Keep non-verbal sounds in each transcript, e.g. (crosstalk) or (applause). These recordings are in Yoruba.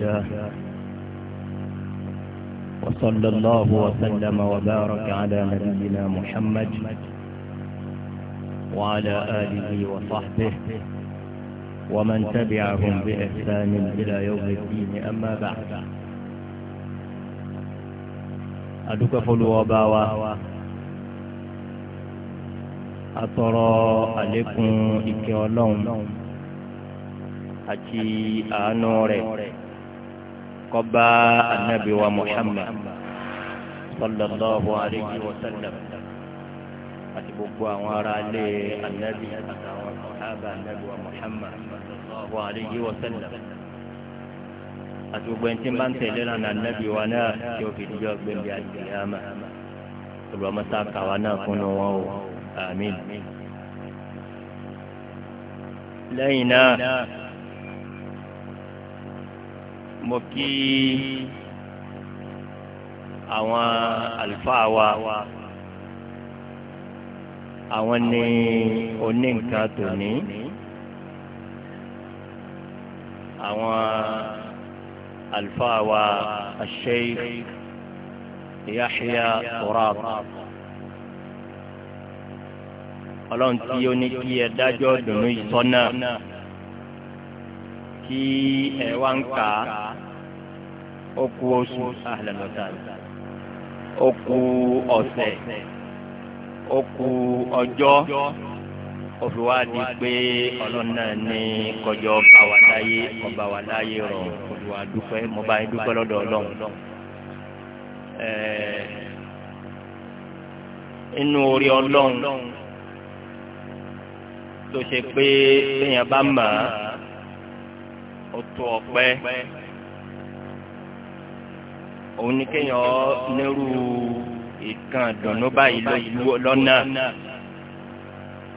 الله وصلى الله وسلم وبارك على نبينا محمد وعلى آله وصحبه ومن تبعهم بإحسان إلى يوم الدين أما بعد أدوك فلو أترى عليكم إكي àti àánú rẹ̀ kọba anabi wa muhammad sallallahu alayhi wa sallam àti gbogbo àwọn ará ilé anabi àtàwọn sọ̀hábà anabi wa muhammad sallallahu alayhi wa sallam àti gbogbo ẹni tí ń bá ń tẹ̀lé lánà anabi wa náà tí ó fi dijọ́ gbẹ̀ndẹ̀ àdìyàmà olùwàmọ́sá kàwa náà kúnnú wọn o àmín lẹ́yìn náà mo kí àwọn àlùfáà wa àwọn ní onínǹkan tòní àwọn àlùfáà wa Sheikh Yahya Turab ọlọ́run tí ó ní kí ẹ dájọ́ dùnú ìtọ́nà tí ẹ wá ń kà á ó kù oṣù àlàlọ́tà ó kù ọ̀sẹ̀ ó kù ọjọ́ ó fi wá di pé ọlọ́run náà ní kọjọ́ bá wa láyé ọba wa láyé rọ̀ olùwà dúpẹ́ mo bá yín dúpẹ́ lọ́dọ̀ ọlọ́run. inú orí ọlọ́run tó ṣe pé èèyàn bá mọ̀ ọ́ ọ̀tọ̀ ọ̀pẹ òun ni kéèyàn nírú ìkan dùnú báyìí lọ́nà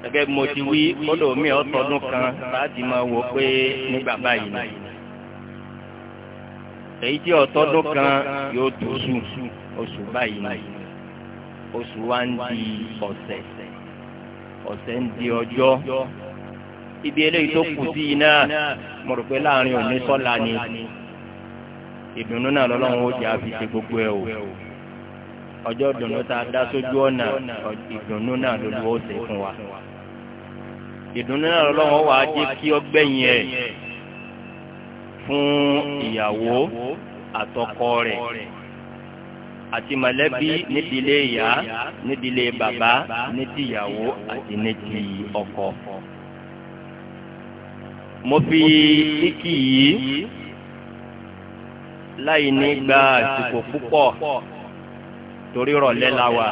gẹ́gẹ́ bí mo ti wí kódò mi ọ̀tọ̀dún kan láti máa wò pé nígbà báyìí ni èyí tí ọ̀tọ̀dún kan yóò tó sùn oṣù báyìí ni oṣù wa ń di ọ̀sẹ̀ ọ̀sẹ̀ ń di ọjọ́ ibi eléyìí tó kù sí iná mo rò pé láàrin òní sọ́la ni ìdùnnú náà lọ́lọ́run ó jẹ́ àfi ṣe gbogbo ẹ̀ o ọjọ́ ìdùnnú tá a dá sójú ọ̀nà ìdùnnú náà ló lọ́wọ́ ṣe fún wa ìdùnnú náà lọ́wọ́ wà á jẹ́ kí ọ gbẹ̀yìn ẹ̀ fún ìyàwó àtọkọ rẹ̀ àti mọ̀lẹ́bí nídìílé ìyá nídìílé bàbá nídìíyàwó àti nídìí ọkọ. mo fi ikì yìí láì ní gba àsìkò púpọ̀ torí rọ̀lẹ́ la wà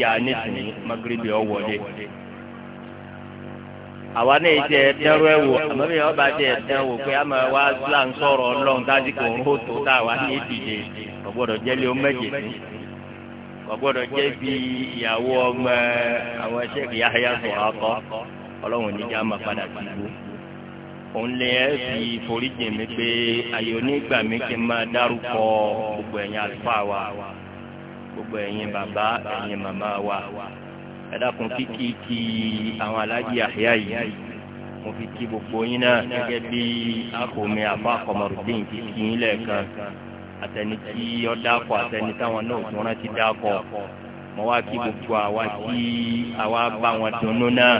yà nísìnyí magrebi ọ̀wọ́lé. àwa náà ti ẹ̀ dẹ́rọ ẹ̀ wò àmọ́ bí wò pé ọlọ́run dájú kò ń hó tó tá a wà ní ìdíje kò gbọ́dọ̀ o mẹ́jẹ̀ jẹ́ bí ìyàwó akọ. ọlọ́run níjà máa padà dìbò òun lè ẹ́ fi foríjì mi pé àyè onígbà mi kí n máa dárúkọ gbogbo ẹ̀yin àlùfáà wa gbogbo ẹ̀yin bàbá ẹ̀yin màmá wa ẹ dákun kíkì kí àwọn alájí àyà yìí mo fi kí gbogbo yín náà gẹ́gẹ́ bí akọ̀mi àfa kọ̀mọ̀rọ̀dín ti yín lẹ́ẹ̀kan àtẹni tí ọ dákọ̀ àtẹni táwọn náà tí wọ́n ti dákọ̀ mo wá kí gbogbo àwa tí àwa bá wọn dunnú náà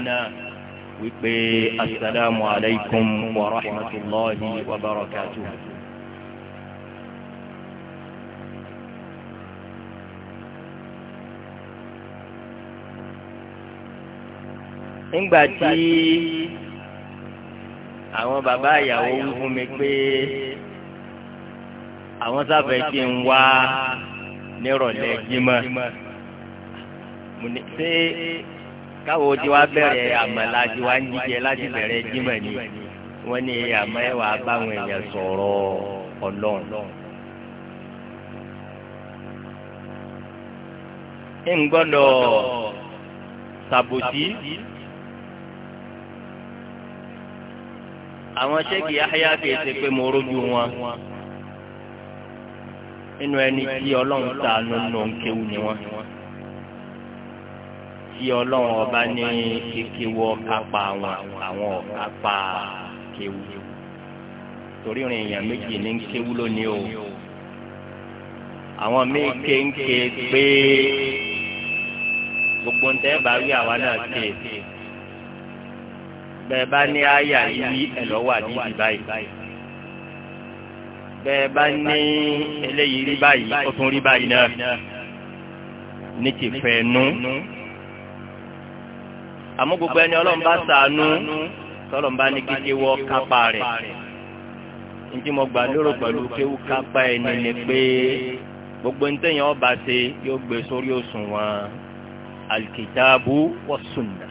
wípé asalaamu alaykum wa rahmatulahi wa barakatuh. nígbà tí àwọn bàbá ìyàwó ń fún mi pé àwọn sáfẹ́ kí n wá nírọ̀lẹ́ jímọ̀ káwo tí wàá bẹ̀rẹ̀ àmàlà tí wàá ń jíjẹ láti bẹ̀rẹ̀ jímọ̀ ni wọ́n ní àmọ́ ẹ̀ wàá báwọn èèyàn sọ̀rọ̀ ọlọ́run. ń gbọ́dọ̀ sàbòsí àwọn sẹ́kì Yahya kìí ṣe pé mo rójú wọn inú ẹni tí ọlọ́run ta nínú kéwù ni wọ́n tí ọlọ́run ọba ní kékewọ́ kápá wọn àwọn ọ̀kápá kéwu torí rìn èèyàn méjì ní kéwu lónìí o àwọn míì kéńké pé gbogbo ń tẹ́ bá rí àwa náà ké bẹ́ẹ̀ bá ní àyà yí ẹ̀ lọ́wọ́ àdídì báyìí bẹ́ẹ̀ bá ní eléyìí rí báyìí ó tún rí báyìí náà ní ti fẹ́ nú àmọ́ gbogbo ẹni ọlọ́run bá sàánú tọ́lọ́run bá ní kíkẹ́ wọ́ kápá rẹ̀ ntí mo gbà lérò pẹ̀lú kéwù kápá ẹni ni pé gbogbo ntẹ̀yìn ọba ṣe yóò gbé sórí òṣùwọ̀n alikitaabu wa sunna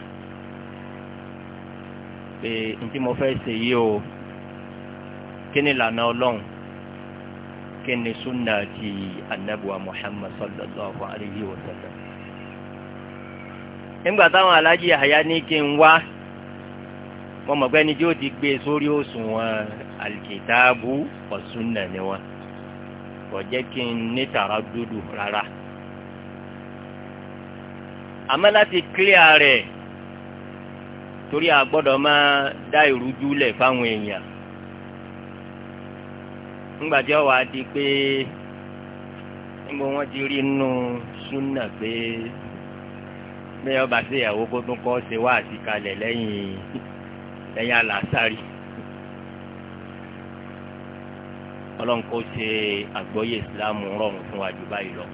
pé ntí mo fẹ́ ṣe yìí o kí ni lànà ọlọ́run kí ni sunna ti anabuwa muhammad sallallahu alayhi wa sallam nígbà táwọn alájí àyà ní kí n wá mo mọ̀ pé ẹni tí ó ti gbé sórí òṣùwọ̀n alìkìtàbù ọ̀sùnà ni wọn kò jẹ́ kí n ní tàrà dúdú rárá àmọ́ láti kílíà rẹ̀ torí a gbọ́dọ̀ máa dá ìrújú lẹ̀ fáwọn èèyàn ńgbàtí ọwọ́ á di pé níbo wọ́n ti rí inú súnà pé bẹ́ẹ̀ ọba sí ìyàwó kó tún kọ́ ṣe wá àṣìkalẹ̀ lẹ́yìn lẹ́yìn àlàásárì. ọlọ́run kó ṣe àgbọ́yé ìsìlámù rọrùn fún wa jù báyìí lọ.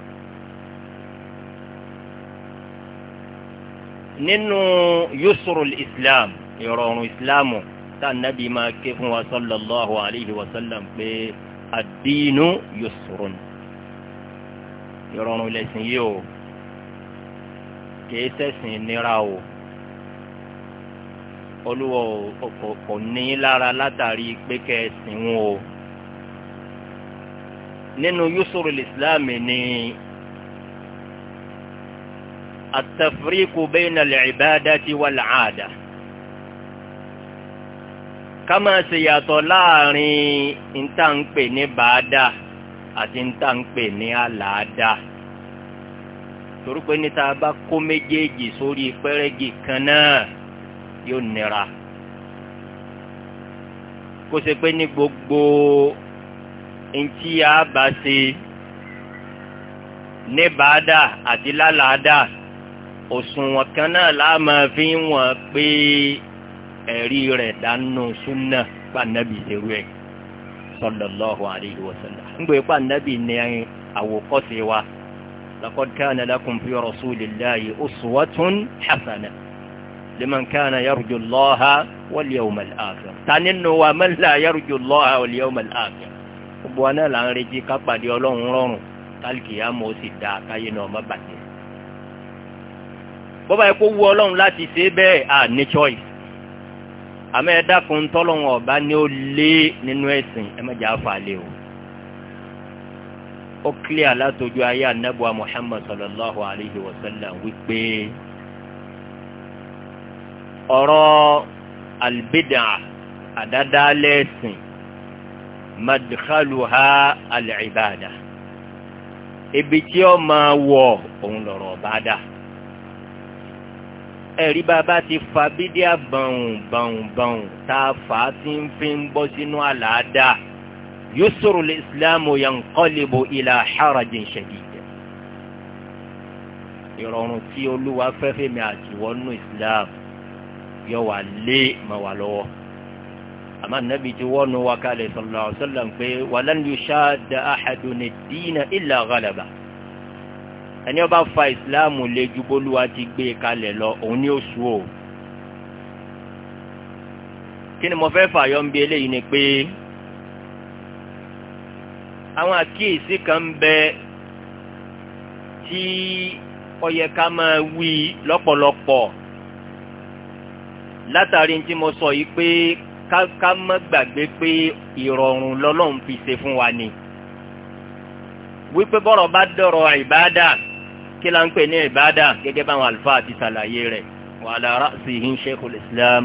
nínú yusrul islam ìrọ̀rùn ìsìlámù tá nàbí máa ké fún wa sallallahu alayhi wa sallam pé ad-dinu ìrọ̀rùn lẹ́sìn yìí o kìí ṣẹ̀sìn nira o olúwa kò ní lára látàrí pé kẹsìn wọn o nínú yusuf islam ni atafiriku bẹ́ẹ̀nà lẹ́ẹ̀bẹ́dá ti wà láàdá ká máa yàtọ̀ láàrin ìtànpè ní bàádà àti ìtànpè ní àlàádà torí pé níta bá kó méjèèjì sórí pẹ́rẹ́gì kan náà yóò nira kó ṣe pé ní gbogbo ntí a bá ṣe ní bàádà àti lálàádà òṣùwọ̀n kan náà la máa fi ń wọ̀n pé ẹ̀rí rẹ̀ dánú súnà pàǹdàbí ṣerú ẹ̀ sallallahu alaihi wasallam ń gbé pàǹdàbí ní àwòkọ́ṣe wa. لقد كان لكم في رسول الله أسوة حسنة لمن كان يرجو الله واليوم الآخر تنين ومن لا يرجو الله واليوم الآخر وانا لان نرجي كبا دي أولون رون القيامة سيدا كاين وما بعدين bọ́bá yẹ kó wú ọlọ́run láti ṣe é bẹ́ẹ̀ à ní choice àmọ́ ẹ tọ́lọ́run ọ̀bá ni ó lé nínú ẹ̀sìn ẹ fà lé o ó kílẹ̀ alátojú ayé anábùa muhammad sallallahu alayhi wa sallam wípé ọ̀rọ̀ albidà àdádálẹ́sìn madkhaluha alibada ibi tí ó máa wọ̀ òun lọ̀rọ̀ bàdà ẹ̀rí bàbá ti fa bídíà bàùn bàùn bàùn tá a fà á ti ń fi ń bọ́ sínú àlàáda. No yusuru islamu yanqalibu ila harajin shadid ìrọ̀rùn tí olúwa fẹ́fẹ́ mi àtiwọ́nú islam yọ wà lé mà wà lọ́wọ́ àmà nàbì tí wọ́n nu wa kalẹ̀ sallallahu alaihi wasallam pé walan yushadda ahadun ad-dina illa ghalaba ẹni ó fa islam lé ju bólúwa ti gbé kalẹ̀ lọ òun ni ó sùn o kí ni mo fẹ́ fàyọ́ ń bí eléyìí ni pé àwọn àkíyèsí kan ń bẹ tí ó yẹ ká máa wí lọ́pọ̀lọpọ̀ látàrí tí mo sọ yìí pé ká má gbàgbé pé ìrọ̀rùn lọ́lọ́run fi ṣe fún wa ni wípé bọ́rọ̀ bá dọ̀rọ̀ ìbáàdà kí la ń pè ní ìbáàdà gẹ́gẹ́ báwọn àlùfáà ti ṣàlàyé rẹ̀ wa ala ra'sihi sheikhul islam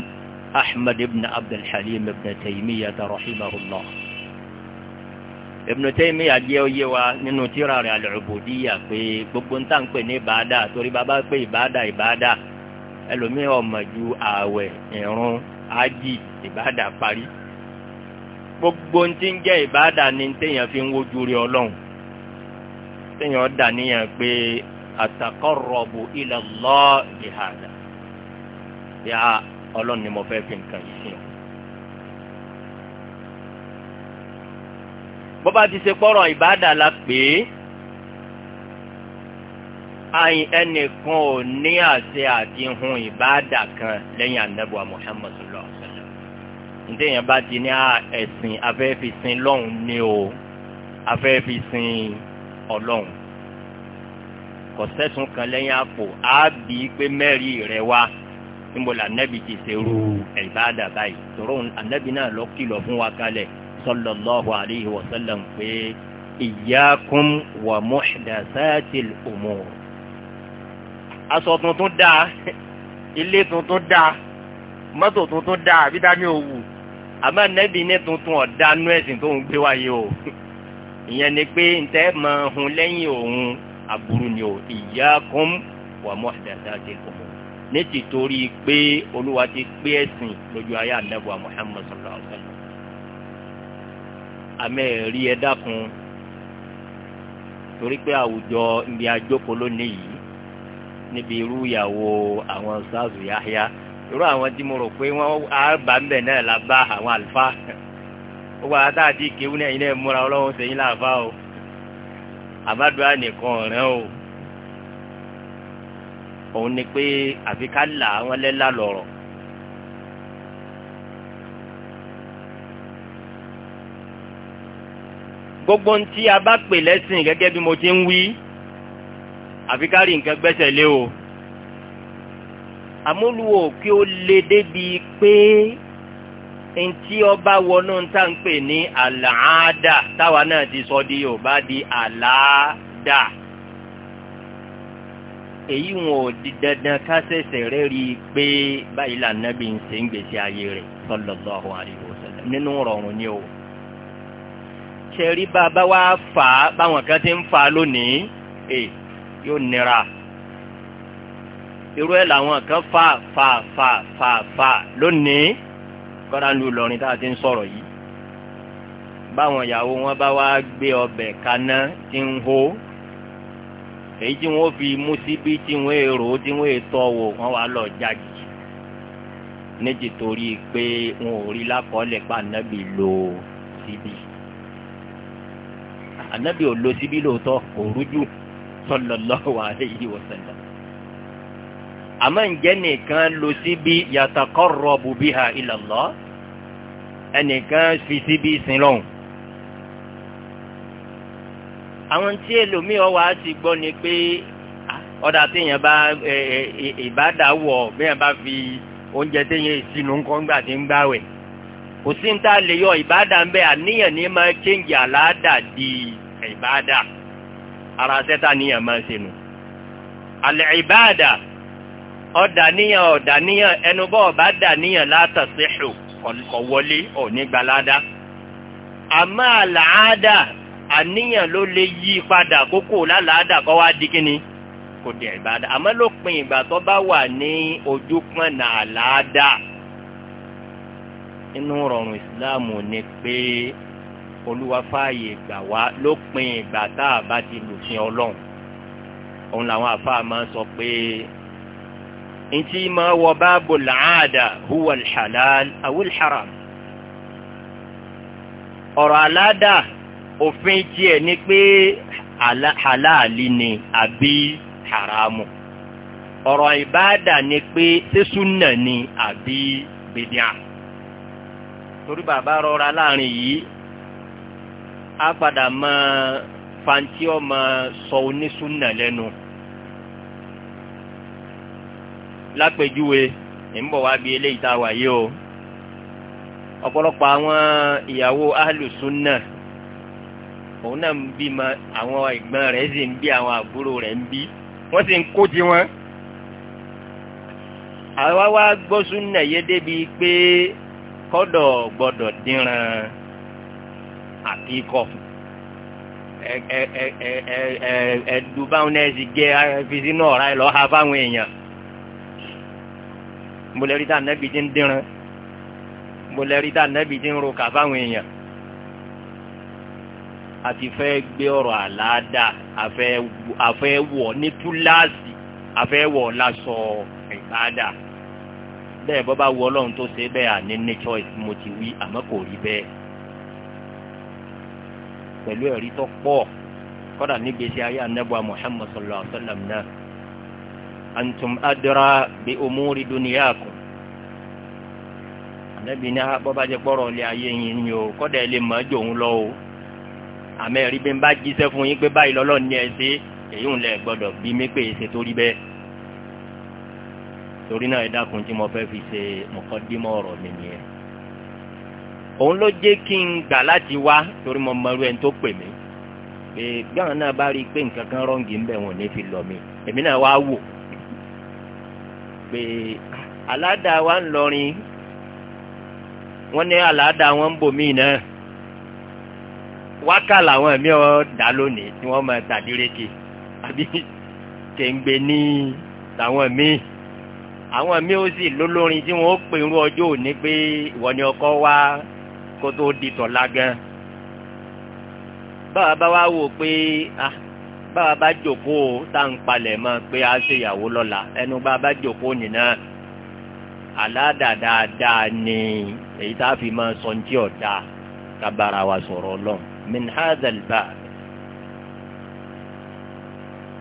ahmed ibn abdulhalim ibn taymiyah rahimahullah. Ibn Taymiyyah jẹ́ oyé wa nínú tírà rẹ̀ al-Ubudiyyah pé gbogbo ń tàn pé ní ìbáadà torí bàbá pé ìbáadà ìbáadà ẹlòmíì ọmọ ju ààwẹ̀ ìrun ájì ìbáadà parí gbogbo ń ti ń jẹ́ ìbáadà ni téèyàn fi ń wojú rí ọlọ́run téèyàn dà níyàn pé ataqarrabu ila Allah bihada bí a ọlọ́run ni mo fẹ́ fi nǹkan yìí sí ọ bọ́ba ti ṣe pọ́rọ̀ ìbáàdà la pè é àyìn ẹnìkan ò ní àṣẹ àti hun ìbáàdà kan lẹ́yìn anábùwà Muhammad sallallahu alaihi wasallam ntẹ̀yìn bá ti ní ẹ̀sìn afẹ́fisìn lọ́hùn ní o afẹ́fisìn ọlọ́hùn kò sẹ́sùn kan lẹ́yìn àpò àbí pé mẹ́rin rẹ̀ wá níbo la nẹ́bi ti ṣerú ìbáàdà báyìí tòrò ànẹ́bi náà lọ kìlọ̀ fún wa kalẹ̀ sallallahu alayhi wa sallam pé iyyakum wa muhdathatil umur. aṣọ tuntun dáa ilé tuntun dáa mọ́tò tuntun dáa àbí dání òwú àmọ́ nẹ́bí ní tuntun ọ̀dá nú ẹ̀sìn tó ń gbé wáyé o ìyẹn ni pé ntẹ́ mọ ohun lẹ́yìn òun aburú ni o iyyakum wa muhdathatil umur ní ti torí pé olúwa ti pé ẹ̀sìn lójú ayé ànábì wa Muhammad sallallahu alaihi wa àmẹ́ ẹ̀rí ẹ dákun torí pé àwùjọ ibi àjókòó lónìí yìí níbi irú ìyàwó àwọn ṣáàzù yáyá irú àwọn tí mo rò pé wọ́n á bá ń bẹ̀ náà la bá àwọn àlùfáà ó wà dáàdì kéwú náà yín náà múra ọlọ́run sẹ́yìn láàfá o àbádùá nìkan ọ̀rẹ́ o òun ni pé àfi ká là wọ́n lẹ́la lọ̀rọ̀. gbogbo ń tí a bá pè lẹ́sìn gẹ́gẹ́ bí mo ti ń wí àfi ká rí nǹkan gbẹ́sẹ̀ lé o àmúlùwò kí ó le débi pé ntí ọba wọnú ta ń pè ní àlàáda táwa náà ti sọ di yorùbá di àlàáda èyí wọn ò di dandan ká ṣẹ̀ṣẹ̀ rẹ̀ rí i pé báyìí lànà bí n ṣe ń gbèsè ayé rẹ̀ sallallahu alaihi wasallam nínú rọrùn ni o ṣẹ̀rí bàbá wa fà á báwọn kan ti ń fà á lónìí ẹ yóò nira irú ẹ̀ làwọn kan fà fà fà fà fà lónìí kọ́ra ń lu Ìlọrin tá a ti ń sọ̀rọ̀ yìí báwọn ìyàwó wọn bá wá gbé ọbẹ̀ kaná tí ń hó èyí tí wọn fi mú síbí tí wọn èrò tí wọn ètò wò wọn wà lọ jáde níjì torí pé wọn ò rí lákọọ́lẹ̀ pa lò síbí anabi ò lo síbí lóòótọ́ kò rújú sallallahu alayhi wa sallam. àmọ́ ǹjẹ́ nìkan lo síbí yataqarrabu biha ila Allah ẹnìkan fi síbí sin lọ́hùn. àwọn tí ẹlòmíì ọwọ́ á ti gbọ́ ni pé ọ̀dà téèyàn bá ìbádàá wọ̀ béèyàn bá fi oúnjẹ téèyàn sínú ńkọ́ ńgbà tí ń gbáwẹ̀. kò sí ní tá a lè yọ ìbáàdà ń àníyàn ní ma kéńjì àláàdà di ìbáàdà ara sẹ́tà níyàn máa ń ṣe àlẹ́ ọ̀dà níyàn ọ̀dà níyàn ẹnu bọ́ ọ̀bá dà níyàn látàṣẹ́ṣù kọ̀wọ́lé ọ̀nígbàládá. àmọ́ àlàáda àníyàn ló lè yí padà kókó kọ́ wá di kíni kò dé àmọ́ ìgbà tó bá wà ní inú rọrùn ìsìláàmù ni pé olúwa fààyè gbà wá lópin ìgbà tá a bá ti lòfin ọlọ́run òun làwọn àfáà máa ń sọ pé ntí máa wọ báàbò làádà huwa alhalal awul haram ọ̀rọ̀ aládà òfin tiẹ̀ ni pé halali ni àbí haramu ọ̀rọ̀ ìbáàdà ni pé sísúnà ni àbí bìdíà torí bàbá rọra láàrin yìí á padà mọ fanti ọmọ sọ onísúnà lẹ́nu lápèjúwe ìmúbọ̀ wá bí eléyìí tá a wà yìí o ọ̀pọ̀lọpọ̀ àwọn ìyàwó ahlùsúnà òun náà ń bí ma àwọn ìgbọ́n rẹ̀ sì ń bí àwọn àbúrò rẹ̀ ń bí wọ́n sì ń kó ti wọn. àwa wá gbọ́ súnà yé débi pé kọ́dọ̀ gbọ́dọ̀ dínran àkíkọ́ ẹ̀ẹ́dù báwọn ẹ̀sì gẹ́ fisi náà ra ha fáwọn èèyàn tá nẹ́bi ń dínran tá nẹ́bi ń ro kà fáwọn èèyàn àti fẹ́ gbé ọ̀rọ̀ bẹ́ẹ̀ bọ́ bá wọ ọlọ́run tó ṣe bẹ́ẹ̀ àní ní choice mo ti wí àmọ́ kò rí bẹ́ẹ̀ pẹ̀lú ẹ̀rí tó pọ̀ kọ́dà nígbèsí ayé anábọ̀ muhammad sallallahu alayhi wa sallam náà antum adra bi umuri duniyakum anabi ní ah, bọ́bá jẹ́ pọ́rọ̀ ayé yín ni o kọ́dà ẹ lè mọ̀ ẹ́ jòun lọ o àmọ́ bí n bá jíṣẹ́ fún yín pé báyìí lọ́lọ́ ní ẹ ṣe èyí ń lẹ̀ gbọ́dọ̀ bí mi pé èsè tó bẹ́ẹ̀ torí náà ẹ dákun tí mo fẹ́ fi ṣe mọ̀kọ́dímọ̀ ọ̀rọ̀ mi nìyẹn òun ló jẹ́ kí n gbà láti wá torí mo mọ̀rú ẹni tó pè mí pé gbọ́n náà bá rí i pé nǹkan kan rọ́ǹgì ń bẹ̀ wọ́n ní fi lọ mi èmi náà wá wò pé ah, aládàá wa ń lọrin wọ́n ní aládàá wọn ń bòmí náà wákà làwọn ẹ̀mí ọ̀ dá lónìí tí wọ́n máa tàdírékè àbí kéńgbé ní tàwọn míì àwọn mi ó sì lólórin tí wọ́n pè irú ọjọ́ òní pé ìwọ ni ọkọ wá kó tó di tọ̀la gan báwa bá wá wò pé ah báwa bá jòkóo tá à ń palẹ̀ mọ́ pé a ṣe ìyàwó lọ́la ẹnu bá a bá jòkóo nìna aládàádáadáa ni èyí tá a fi máa sọ ní tí ọ̀dà kábàárà wa sọ̀rọ̀ lọ min hazal ba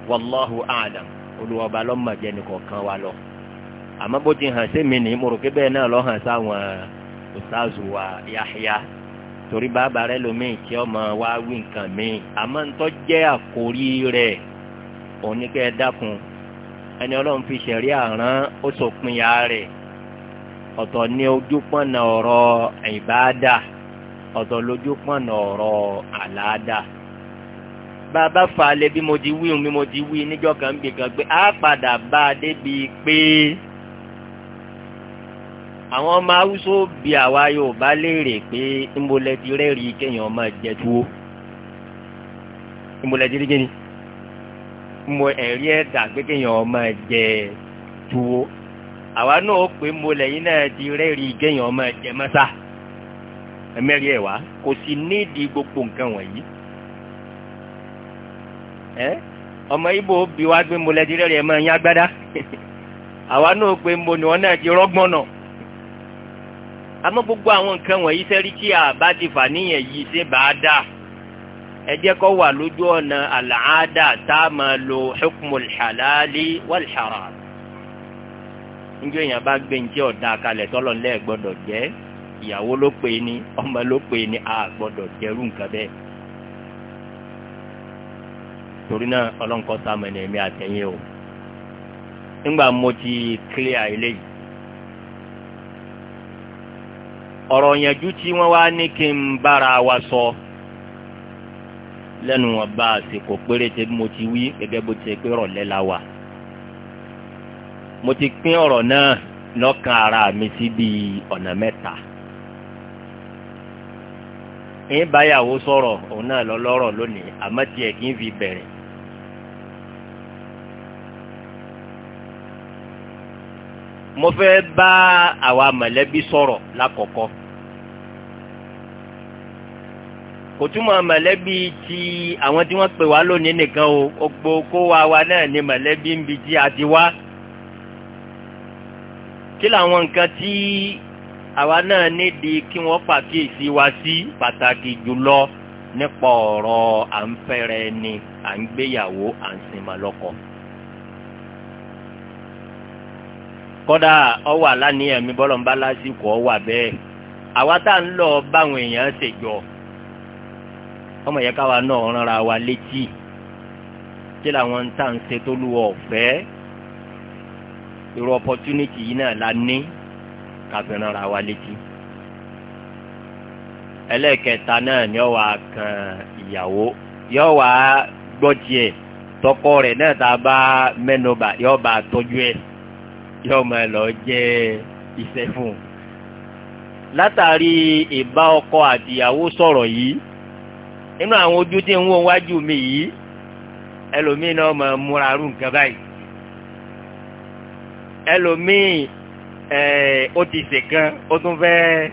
wallahu alam olùwọ̀ba lọ́mọdé nìkan kan wa lọ àmọ́ bó ti hàn sí mi ní mo rò pé bẹ́ẹ̀ náà lọ́ hàn sáwọn ọ̀sáàzù wa yáyá torí bàbá rẹ lómìn tí ọmọ wa wí nǹkan míì àmọ́ ń tọ́ jẹ́ àkórí rẹ̀ òun ní dákun ẹni ọlọ́run fi ṣẹ̀rí àrán ó sòpin ya rẹ̀ ọ̀tọ̀ ní ojúpọ̀nà ọ̀rọ̀ ìbáadà ọ̀tọ̀ lójúpọ̀nà ọ̀rọ̀ àlàádà bàbá falẹ̀ bí mo ti wí bí mo ti wí níjọ́ kan gbìkan á padà bá a débi pé. Pe àwọn ọmọ haúsó bí àwa yorùbá léèrè pé ìmọ̀lẹ́tì rẹ̀ rí kéèyàn ọmọ jẹ tuwo ìmọ̀lẹ́tì rí kéèyàn mo ẹ̀rí ẹ̀dà pé kéèyàn ọmọ jẹ tuwo àwa náà pé mọ̀lẹ́yìn náà ti rẹ̀ rí kéèyàn ọmọ jẹ mọ́sá ẹ̀mẹ́rì ẹ̀ wá kò sí nídìí gbogbo nǹkan wọ̀nyí ọmọ ibo bí wàá gbé mọ̀lẹ́tì rẹ̀ rí ẹ̀ máa yín agbádá (laughs) àwa náà pé mo ní wọn náà ti rọ́gbọ́n náà àmọ́ gbogbo àwọn nǹkan wọ̀nyí sẹ́rí tí a bá ti fà níyẹn yìí ṣe bá a dà ẹ jẹ́ kó wà lójú ọ̀nà àlàáda tá a máa lo hukmul halali wal haram njẹ́ èèyàn bá gbé njẹ́ ọ̀dà kalẹ̀ tọ́lọ̀ ńlẹ́ gbọ́dọ̀ jẹ́ ìyàwó ló pè ní ọmọ ló pè ní a gbọ́dọ̀ jẹ́rú nǹkan bẹ́ẹ̀ torí náà ọlọ́nkọ́ sàmẹ́ni ẹ̀mí àtẹ̀yìn o nígbà mo ti clear eléyìí. ọ̀rọ̀ yànjú tí wọ́n wá ní kí n bára wa sọ lẹ́nu wọn bá àsìkò péréte mo ti wí gẹ́gẹ́ bó ti ṣe pé rọ̀lẹ́ la wà mo ti pín ọ̀rọ̀ náà lọ́kàn ara mi sí bíi ọ̀nà mẹ́ta ń báyàwó sọ̀rọ̀ òun náà lọ lọ́rọ̀ lónìí àmọ́ tiẹ̀ kì í fi bẹ̀rẹ̀. mo fẹ́ bá àwa mọ̀lẹ́bí sọ̀rọ̀ lákọ̀ọ́kọ́ kò túmọ̀ mọ̀lẹ́bí ti àwọn tí wọ́n pè wá lónìí nìkan o gbogbo kó wa wa náà ni mọ̀lẹ́bí ń bi tí a ti wá. kí làwọn nǹkan tí àwa náà nídìí kí wọ́n pàkíyèsí wa sí pàtàkì jùlọ nípa ọ̀rọ̀ à ń fẹ́rẹ̀ ni à ń gbéyàwó à ń sinmi lọ́kọ. kódà ọwọ́ àlàníyàn mi bọ́lọ̀ ń bá lásìkò ọwọ́ àbẹ́ẹ̀ àwa tá à ń lọ báwọn èèyàn ṣèjọ́ ọmọ yẹn káwa náà ránra wa létí tí làwọn tá à ń ṣe tó lu ọ̀fẹ́ irú opportunity yìí náà la ní káfí ránra wa létí ẹlẹ́ẹ̀kẹta náà ni ọ wà kan ìyàwó yọ wà gbọ́ tiẹ̀ tọkọ rẹ̀ náà tá bá mẹ́nubà yọ bá tọ́jú ẹ̀ yọ máa lọ jẹ́ iṣẹ́ fún un látàrí ìbá ọkọ àtìyàwó sọ̀rọ̀ yìí nínú àwọn ojú tí ń wọ wájú mi yìí ẹlòmíì náà máa múra arú nǹkan báyìí ẹlòmíì ẹ̀ eh, ó ti ṣèkan ó tún fẹ́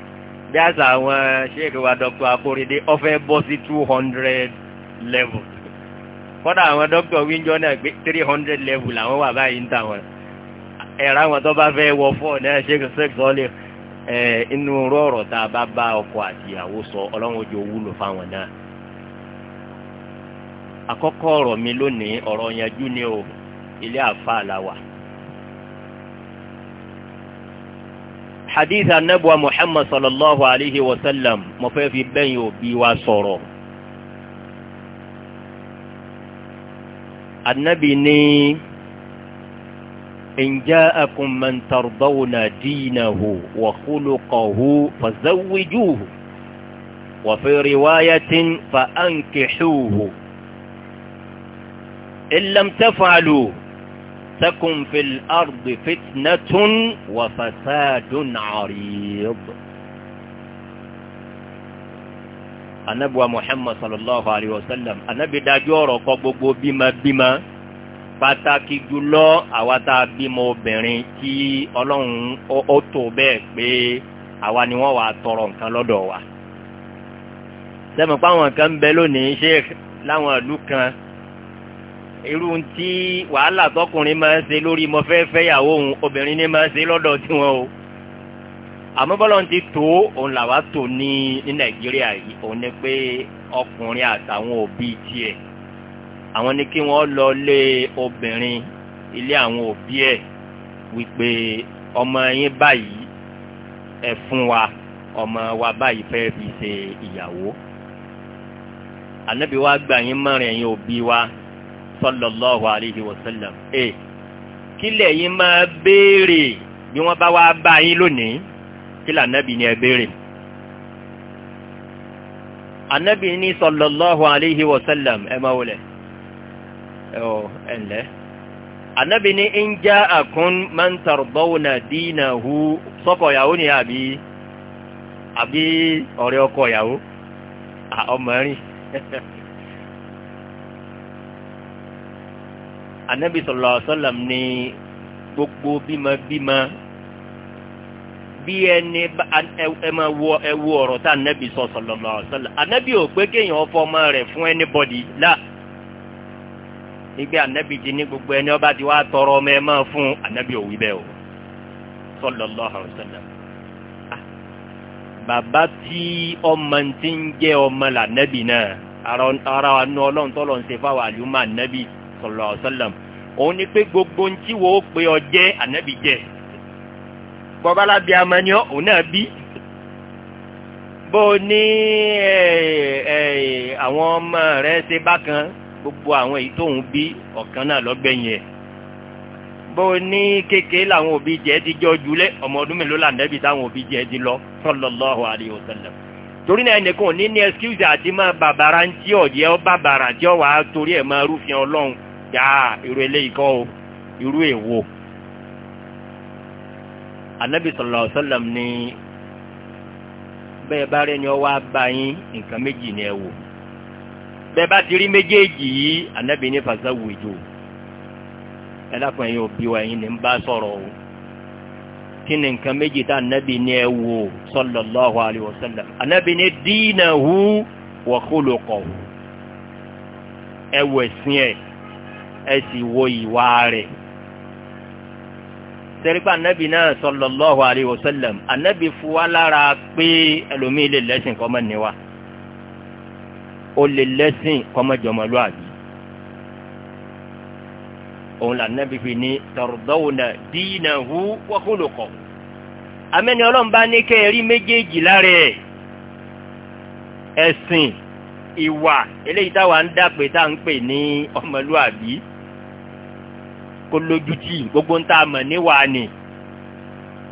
bí àṣà àwọn ṣéèkì wa dr akorede ó fẹ́ bọ́ sí two hundred level kọ́dà àwọn dókítà wíńjọ́ náà gbé three hundred level làwọn wà báyìí ń tà wọ́n ẹ̀rọ àwọn tó bá fẹ́ wọ fọ́ náà ṣe sẹ́kọ̀ lè inú rọ̀rọ̀ tá a bá bá ọkọ àti ìyàwó sọ ọlọ́run ojú owó lò fáwọn náà àkọ́kọ́ ọ̀rọ̀ mi lónìí ọ̀rọ̀ yanjú ni o ilé àfa àlàwà. hadith anabuwa muhammad sallallahu alayhi wa sallam mo fẹ́ fi bẹ́yìn òbí wa sọ̀rọ̀. anabi ni in ja'akum man tardawna wa khuluqahu fazawwijuhu wa fi riwayatin fa illam tafalu takun fil ardi fitnatun wa fasadun ariyab. anabiwa muhammad sallallahu alayhi wa sallam anabi dájú ọ̀rọ̀ kọ gbogbo bímabíma pàtàkì jùlọ àwa tá a bímọ obìnrin tí ọlọ́run ó tó bẹ́ẹ̀ pé àwa ni wọ́n wà á tọrọ nǹkan lọ́dọ̀ wa. sẹ́mi pa àwọn kan ń bẹ lónìí sheikh láwọn ìlú kan irú tí wàhálà tọkùnrin máa ń ṣe lórí mo fẹ́ fẹ́yàwó òun obìnrin ní máa ń ṣe lọ́dọ̀ tiwọn o àmọ́ bọ́lọ̀ ti tó òun làwa tó ní ní nàìjíríà yìí òun ni pé ọkùnrin àtàwọn òbí tiẹ̀ àwọn ni kí wọ́n lọ lé obìnrin ilé àwọn òbí ẹ̀ wípé ọmọ yín báyìí ẹ fún wa ọmọ wa báyìí fẹ́ fi ṣe ìyàwó ànábì wa gbà yín mọ́rin ẹ̀yin òbí wa sallallahu alayhi wa sallam ẹ kílẹ̀ yìí máa béèrè bí wọ́n bá wá bá yín lónìí kílẹ̀ ànábì ni ẹ béèrè. ànábì ní sallallahu alayhi wa sallam ẹ máa wọlé ẹ ọ ẹ ǹlẹ́ ànábì ní in ja'akum man tardawna dinahu sọ́kọ̀ ìyàwó ni àbí àbí ọ̀rẹ́ ọkọ ìyàwó ọmọ rìn. (laughs) anabi sọlọ sọlọm ní gbogbo bímọ bímọ bí ẹni ẹ máa wọ ẹ wọ ọ̀rọ̀ tá anabi sọ sọlọmọ sọlọ anabi ò pé kéèyàn fọmọ rẹ̀ fún anybody la ìgbé anabi ti ní gbogbo ẹni ọba ti wá tọrọ ọmọ ẹ máa fún anabi ò wí bẹ́ẹ̀ o sọlọlọ ọ̀rọ̀ sọlọ bàbá tí ọmọ ti ń jẹ ọmọ là nẹbi náà ara wa nu Ọlọ́run tọlọ ń ṣe fáwọn àlùmọ nẹbi sallallahu alaihi wasallam òun ni pé gbogbo ń tí wo pé ọ jẹ́ ànábì jẹ́ bọ́bálá bí amani òun náà bí bó ní àwọn ọmọ rẹ̀ ṣe bákan gbogbo àwọn èyí tóun bí ọ̀kan náà lọ́gbẹ̀yìn ẹ̀ bó ní kékeré làwọn òbí jẹ́ ti jọ jùlẹ̀ ọmọ ọdún mélòó là nẹ́bi táwọn òbí jẹ́ ti lọ sallallahu alaihi wasallam torí náà ẹnìkan ò ní ní excuse àti máa bàbàrà ń tí ọ̀jẹ́ ọ bàbàrà tí ọ wàá torí ẹ̀ máa rúfin ọlọ́run yá irú eléyìí kọ́ o irú èwo anabi sọlọ sọlọm ni bẹ́ẹ̀ bá rẹ ni ọ wá bá yín nǹkan méjì ni ẹ wò bẹ́ẹ̀ bá ti rí méjèèjì yìí anabi ní fàṣẹ wùjọ ẹ dákun ẹ̀yin òbí wa ẹ̀yin ni ń bá sọ̀rọ̀ o kí ni nǹkan méjì tá anabi ní ẹ wò sallallahu alaihi wasallam anabi ní dinahu wa khuluquhu ẹ wò ẹ̀sìn ẹ̀ ẹ sì wo ìwà rẹ̀ sẹ́ríkà anabi náà sallallahu alayhi wa sallam anabi fún wa lára pé ẹlòmíì lè lẹ́sìn kọ́mọ níwá ó lè lẹ́sìn kọ́mọ jọmọlúwàbí òun là nàbí fi ní tọ̀rọ̀dọ́wọ̀nà dínàhú wọ́kúlùkọ̀. amẹ́ni ọlọ́run bá ní kẹ́ẹ̀rí méjèèjì lára ẹ̀ ẹ̀sìn ìwà eléyìí táwa ń dàpé tá à ń pè ní ọmọlúàbí kó lójú tì gbogbo ń tà mọ̀ níwàá ni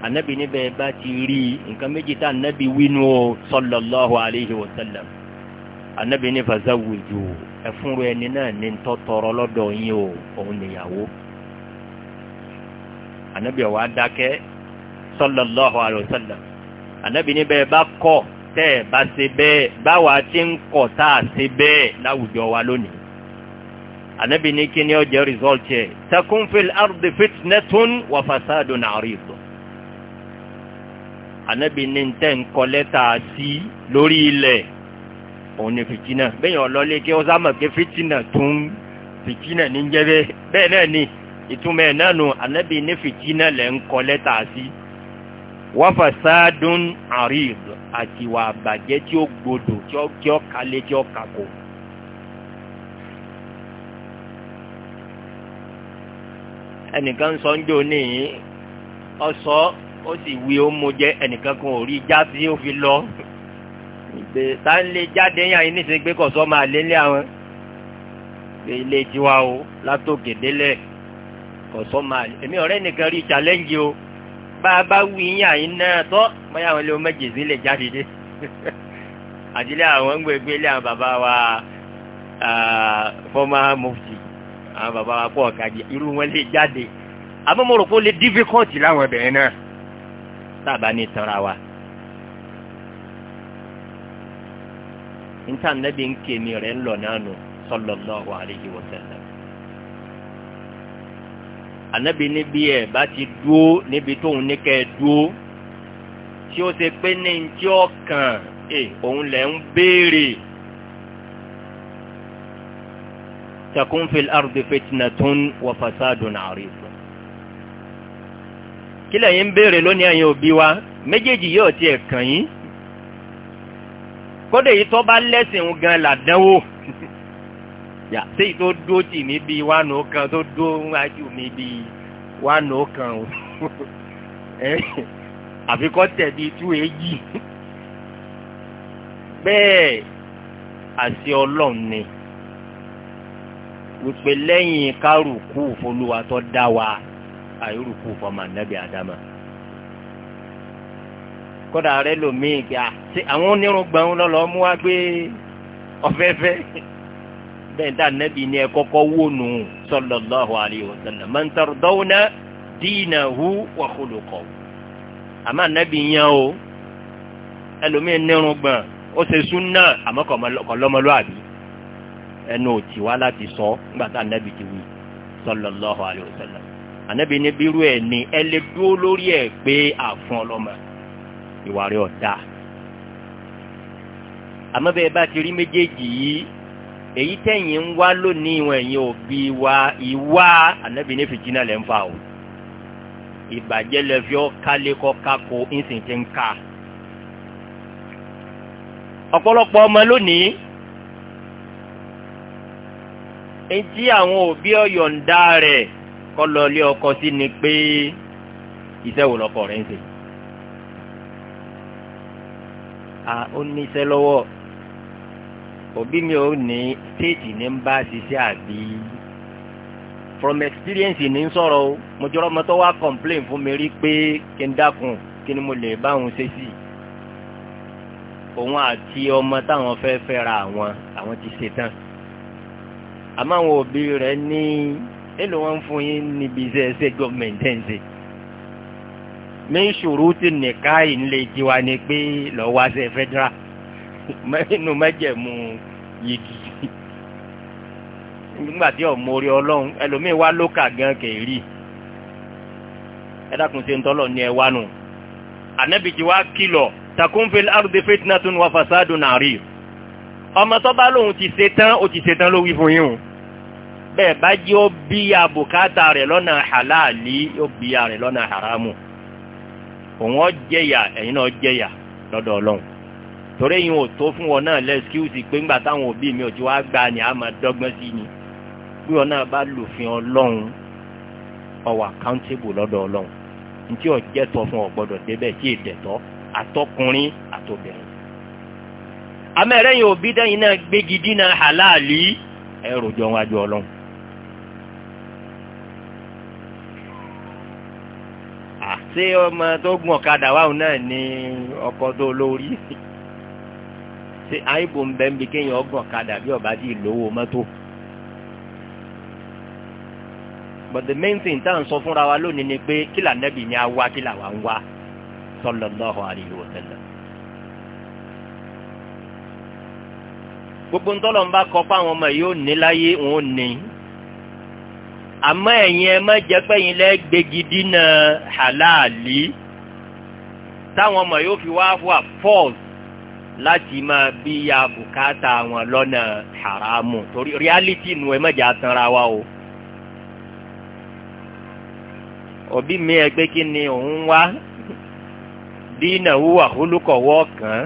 anabi níbẹ̀ bá ti rí nǹkan méjì tá anabi wínú o sallallahu alayhi wa sallam anabi ní fazawiju ẹ̀fúnru ẹni náà ní ń tọ́ tọrọ lọ́dọ̀ yín o òun nìyàwó anabi ọ̀wá dákẹ́ sallallahu alayhi wa sallam anabi níbẹ̀ bá kọ̀ tẹ́ ẹ̀ bá ṣe bẹ́ẹ̀ báwa ti ń kọ̀ tá a ṣe bẹ́ẹ̀ láwùjọ wa lónìí anabi ní kí ni ó jẹ́ result yẹ takun fil ardi fitnatun wa fasadun arid anabi ní tẹ́ ń kọ́ lẹ́tà sí lórí ilẹ̀ òun ni fitina bẹ́ẹ̀ ọlọ́lé kí ọ̀sán mọ̀ pé fitina tún fitina ní jẹ́ bẹ́ẹ̀ bẹ́ẹ̀ náà ni ìtumọ̀ ẹ̀ náà nù anabi ní fitina lẹ́ ń kọ́ lẹ́tà sí wọ́n fasadun arid àti wà bàjẹ́ tí ó gbodò tí ó kalẹ̀ tí ó kakò. ẹnìkan sọ ń jò níyì ọsọ ó sì wí ó mo jẹ ẹnìkan kan ò rí já tí ó fi lọ ìgbè tá ń lè jáde yàn yín nísìnyí pé kọ̀sọ́ máa lé lé àwọn ilé tiwa o látòkè délẹ̀ kọ̀sọ́ máa lé èmi ọ̀rẹ́ nìkan rí challenge o bá a bá wí yàn yín náà tọ́ bóyá àwọn ilé o méjèèjì lè jáde dé (laughs) àti ilé àwọn ń gbé gbé ilé àwọn bàbá wa ah, fọ́mà mufti àwọn bàbá wa pọ̀ kájí irú wọn lè jáde àmọ́ mo rò pé ó lè difficult láwọn ẹ̀bẹ̀rẹ̀ náà sábà ní tanra wa. níta nàbí ń kémi rẹ̀ ń lọ nánu sallallahu alaihi wa sallam. ànábi níbi ẹ̀ bá ti dúó níbi tóun ní kẹ́ ẹ dúó tí ó ṣe pé ní ntí ọkàn ẹ eh, òun lẹ̀ ń béèrè. takun fil ardi fitnatun wa fasadun arif kílẹ̀ yín béèrè lónìí ẹ̀yin òbí wa méjèèjì yóò tiẹ̀ kàn yín kódé yìí tó bá lẹ́sìn gan làdánwò (laughs) yà séyìí tó dúró tì mí bíi wà nù kan tó dúró wájú mi bíi wà nù kan o (laughs) àfikọ́ tẹ̀ bíi tú èyí (laughs) bẹ́ẹ̀ àti ọlọ́run ni wípé lẹ́yìn kárùkù fọlùwà tó dá wa àìrùkù fọmọ ànábì àdámà kódà rẹ lòmíì kí a ṣe àwọn onírúgbọ̀n lọ́lọ́ mú wa gbé ọ̀fẹ́fẹ́ bẹ́ẹ̀ dá ànábì ni ẹ kọ́kọ́ wò nù sallallahu alayhi wa sallam man tardawna dinahu wa khuluqahu àmọ́ ànábì yẹn o ẹlòmíì nírúgbọ̀n ó ṣe súnà àmọ́ kọ̀ lọ́mọlúwàbí. ẹnu òtí wá láti sọ nígbà tá ànábì ti wí sallallahu alaihi wasallam ànábì ní bírú ẹ̀ ní ẹ lè dúró lórí ẹ̀ pé ọlọ́mọ ìwà rẹ̀ ọ̀dà bá ti rí méjèèjì yìí èyí tẹ̀yìn ń wá lónìí ẹ̀yìn òbí wa ìwá ní fìtínà lẹ́ ń fa o ìbàjẹ́ lẹ fi ọ́ kálékọ́ ti ń etí àwọn òbí ọ̀yọ̀ǹda rẹ̀ kọ́ lọ ilé ọkọ sí ni pé iṣẹ́ wo lọkọ rẹ̀ ń ṣe. à ó ní iṣẹ́ lọ́wọ́ òbí mi ò ní stéètì ní ń bá ṣiṣẹ́ àbí from experience ní ń sọ̀rọ̀ o mo jọrọ ọmọ tó wá complain fún mi rí pé kí n dákun kí ni mo lè bá òun ṣe sí òun àti ọmọ táwọn fẹ́ fẹ́ ra àwọn àwọn ti ṣe tán àmọ́ àwọn òbí rẹ̀ ní èlò wọn fún yín níbi iṣẹ́ ẹsẹ̀ gọ́ọ̀mẹ̀ntì ẹ̀ ń ṣe. mi ń ṣòro tí nìka ìlé tiwa ni pé lọ́ọ́ wá sí federal inú mẹ́jẹ̀mú yìí nígbà tí ọmọ orí ọlọ́run ẹlòmíín wá lókà gan kèérì ẹ dákun ṣe ń tọ́lọ̀ ní ẹ wánu ànábìtì wa kìlọ̀ takunfil ardi fitnatun wa fasadun arir. ọmọ tó bá lóun ti ṣe tán ó ti ṣe tán ló fún yín o bẹ́ẹ̀ bá jẹ́ ó bí abùkátà rẹ̀ lọ́nà halali ó bí ya haramu òun ọ jẹ̀yà ẹ̀yin náà jẹ̀yà lọ́dọ̀ ọlọ́run torí yìí ò tó fún wọn náà lẹ́síkúùsì pé ńgbà táwọn òbí mi ò ti wá gbà ní àmọ́ dọ́gbọ́n sí ni wọn náà bá lòfin fún ọ gbọdọ amẹ́rẹ́yìn òbí dẹ́yìn náà gbégi dínà halali ẹ̀rù jọ wájú ọlọ́run. àti ọmọ tó gun ọ̀kadà wàhùn náà ní ọkọ̀ tó lórí ṣe àìbò ń bẹ́ ń kéèyàn ọgbọ̀n ọ̀kadà bí ọba ti lówó mọ́tò. but the main thing tá à ń sọ fúnra wa lónìí ni pé kí lànàbì ni a wá kí làwa ń wá sallallahu alaihi wasallam. gbogbo ntọ́lọ̀ ń bá kọ fáwọn ọmọ yìí ó ní láyé wọn ò ní àmọ́ ẹ̀yin ẹ má jẹ́ pẹ́yìn lẹ́gbẹ̀gì dínà halali táwọn ọmọ yóò fi wá wà fọ́ọ̀sì láti máa bí ya bùkátà wọn lọ́nà haramu torí reality nu ẹ má jẹ́ atanra wa o. òbí mi ẹgbẹ́ kí ni òun wá dínà wúwà hólùkọ̀ wọ́ kàn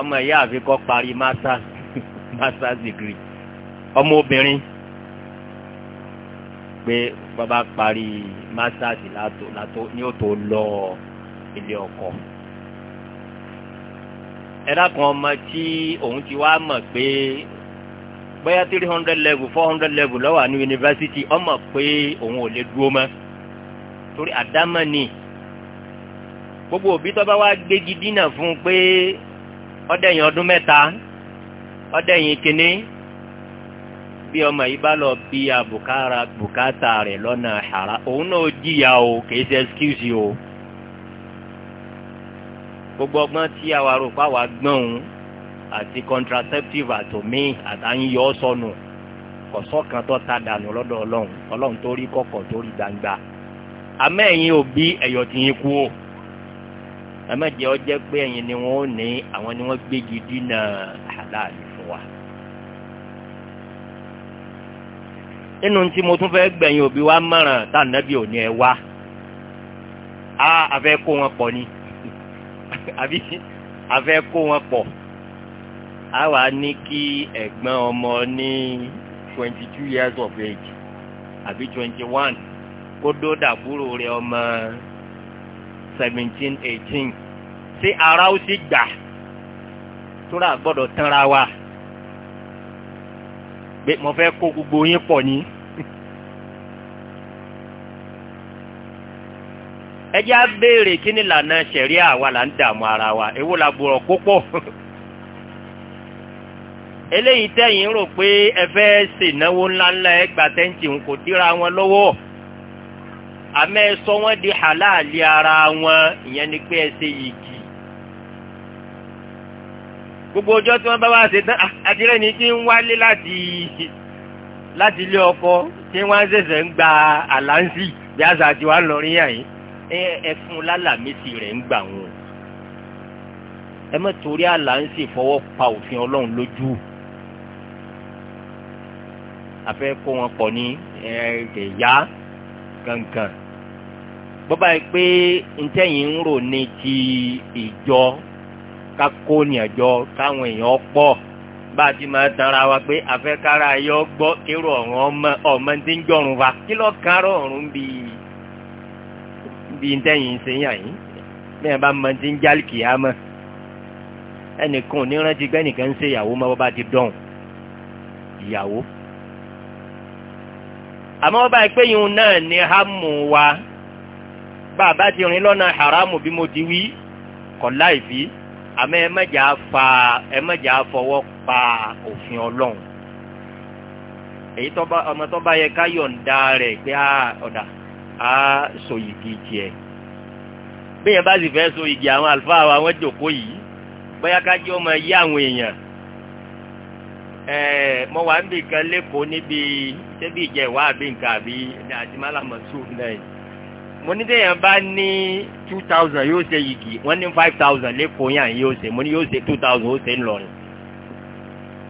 ọmọ ìyá àfikọ́ parí Master (laughs) Master degree ọmọ obìnrin pé bàbá parí Master látó látó ní ó tó lọ ilé ọkọ ẹ̀dá kan ọmọ tí òun ti wá mọ̀ pé bóyá three hundred level four hundred level lọ́wọ́ ní University, ọmọ pé òun ò lè dúró mọ́ torí àdámọ́ ni gbogbo òbí tó bá wá gbégi dínà fún un pé ọdẹyìn ọdún mẹ́ta ọdẹyìn kínní bí ọmọ yìí bá lọ bí abùkára bùkátà rẹ̀ lọ́nà àhàrà òun náà jìyà o kìí ṣe excuse o gbogbo ọgbọ́n tí àwa rò pa wá gbọ́n òun àti contraceptive àtòmí àtàyìnyọ sọnù kọ̀sọ́kan tó ta dànù lọ́dọ̀ ọlọ́run ọlọ́run tó rí kọ̀kọ̀ tó rí gbangba amẹ́yìn òbí ẹ̀yọ̀ tì yín kú o ẹ má jẹ́ ọjẹ́ pé ẹ̀yin ni wọ́n ní àwọn ni wọ́n gbégi dínà halal fún wa. nínú tí mo tún fẹ́ gbẹ̀yìn òbí wa mọ̀ràn tá ànábì òní ẹ wá a àfẹ́ kó wọn pọ̀ ni (laughs) àbí àfẹ́ kó wọn pọ̀ a wà ní kí ẹ̀gbọ́n ọmọ ní twenty two years of age àbí twenty one kó dó dàbúrò rẹ ọmọ seventeen eighteen tí ara ó sì gbà tóra gbọ́dọ̀ tanra wa pé mo fẹ́ kó gbogbo yín pọ̀ ní. ẹ jẹ́ á béèrè kí ni lànà ṣẹ̀ríà wa là ń dààmú ara wa èwo la gbòòrò kó pọ̀ (laughs) eléyìí tẹ̀yìn rò pé ẹ fẹ́ ṣènáwó ńláńlá ẹ tẹ́ǹtì ń kò díra wọn lọ́wọ́ àmẹ́ sọ wọ́n di halali ara wọn ìyẹn ni pé ẹ ṣe yìgì gbogbo ọjọ́ tí wọ́n bá wá ṣe tán ah, àtìrẹ́ ni tí ń wálé láti láti ilé ọkọ tí wọ́n ṣẹ̀ṣẹ̀ ń gba àlàǹsì bí àṣà àti wà lọ́rin yàn yín ẹfun lálàmísì rẹ̀ ń gbà wọn. ẹ má torí àlàǹsì fọwọ́ pa òfin ọlọ́run lójú. àfẹ́ kó wọn pọ̀ ní ẹ̀ẹ́dẹ̀yà kankan. bọ́bá yìí pé ntẹ́yìn ń rò ní ti ìjọ ká kó yànjọ káwọn èèyàn pọ̀ bá a ti máa tanra wa pé afẹ́kára yọ gbọ́ kérò ọ̀run ọmọ ọmọ tí ń jọrùn wa kí lọ́ọ́ kárọ̀ ọ̀run bíi bíi ntẹ́yìn ìsẹ́yìn àyín bẹ́ẹ̀ bá mọ ti ń jálì kìá mọ́ ẹnìkan ò ní rántí ń ṣe ìyàwó mọ́ bá ti dọ̀hùn ìyàwó. àmọ́ bá a pé yìí náà ni hámù wa bá a bá ti rìn lọ́nà haramu bí mo ti wí kọ̀ láì fi àmọ́ ẹ mẹ́jà fa ẹ mẹ́jà fọwọ́ pa òfin ọlọ́run èyí tọ́ba ọmọ tọ́ba yẹ ká yọ̀ǹda rẹ̀ pé á ọ̀dà á so igi tiẹ̀ bí bá sì fẹ́ so igi àwọn àlùfáà wa wọ́n jòkó yìí bóyá ká jẹ́ ọmọ yí àwọn èèyàn ẹ̀ẹ́ mo wà ń bì kan lẹ́kọ̀ọ́ níbi ṣé ìjẹ́ ìwà àbí nǹkan àbí àti málàmọ́sù náà mo ní déyàn bá ní two thousand yóò ṣe yìgì wọ́n ní five thousand lẹ́kọ̀ọ́ yàn yóò ṣe mo ní yóò ṣe two thousand ó ṣe ńlọrin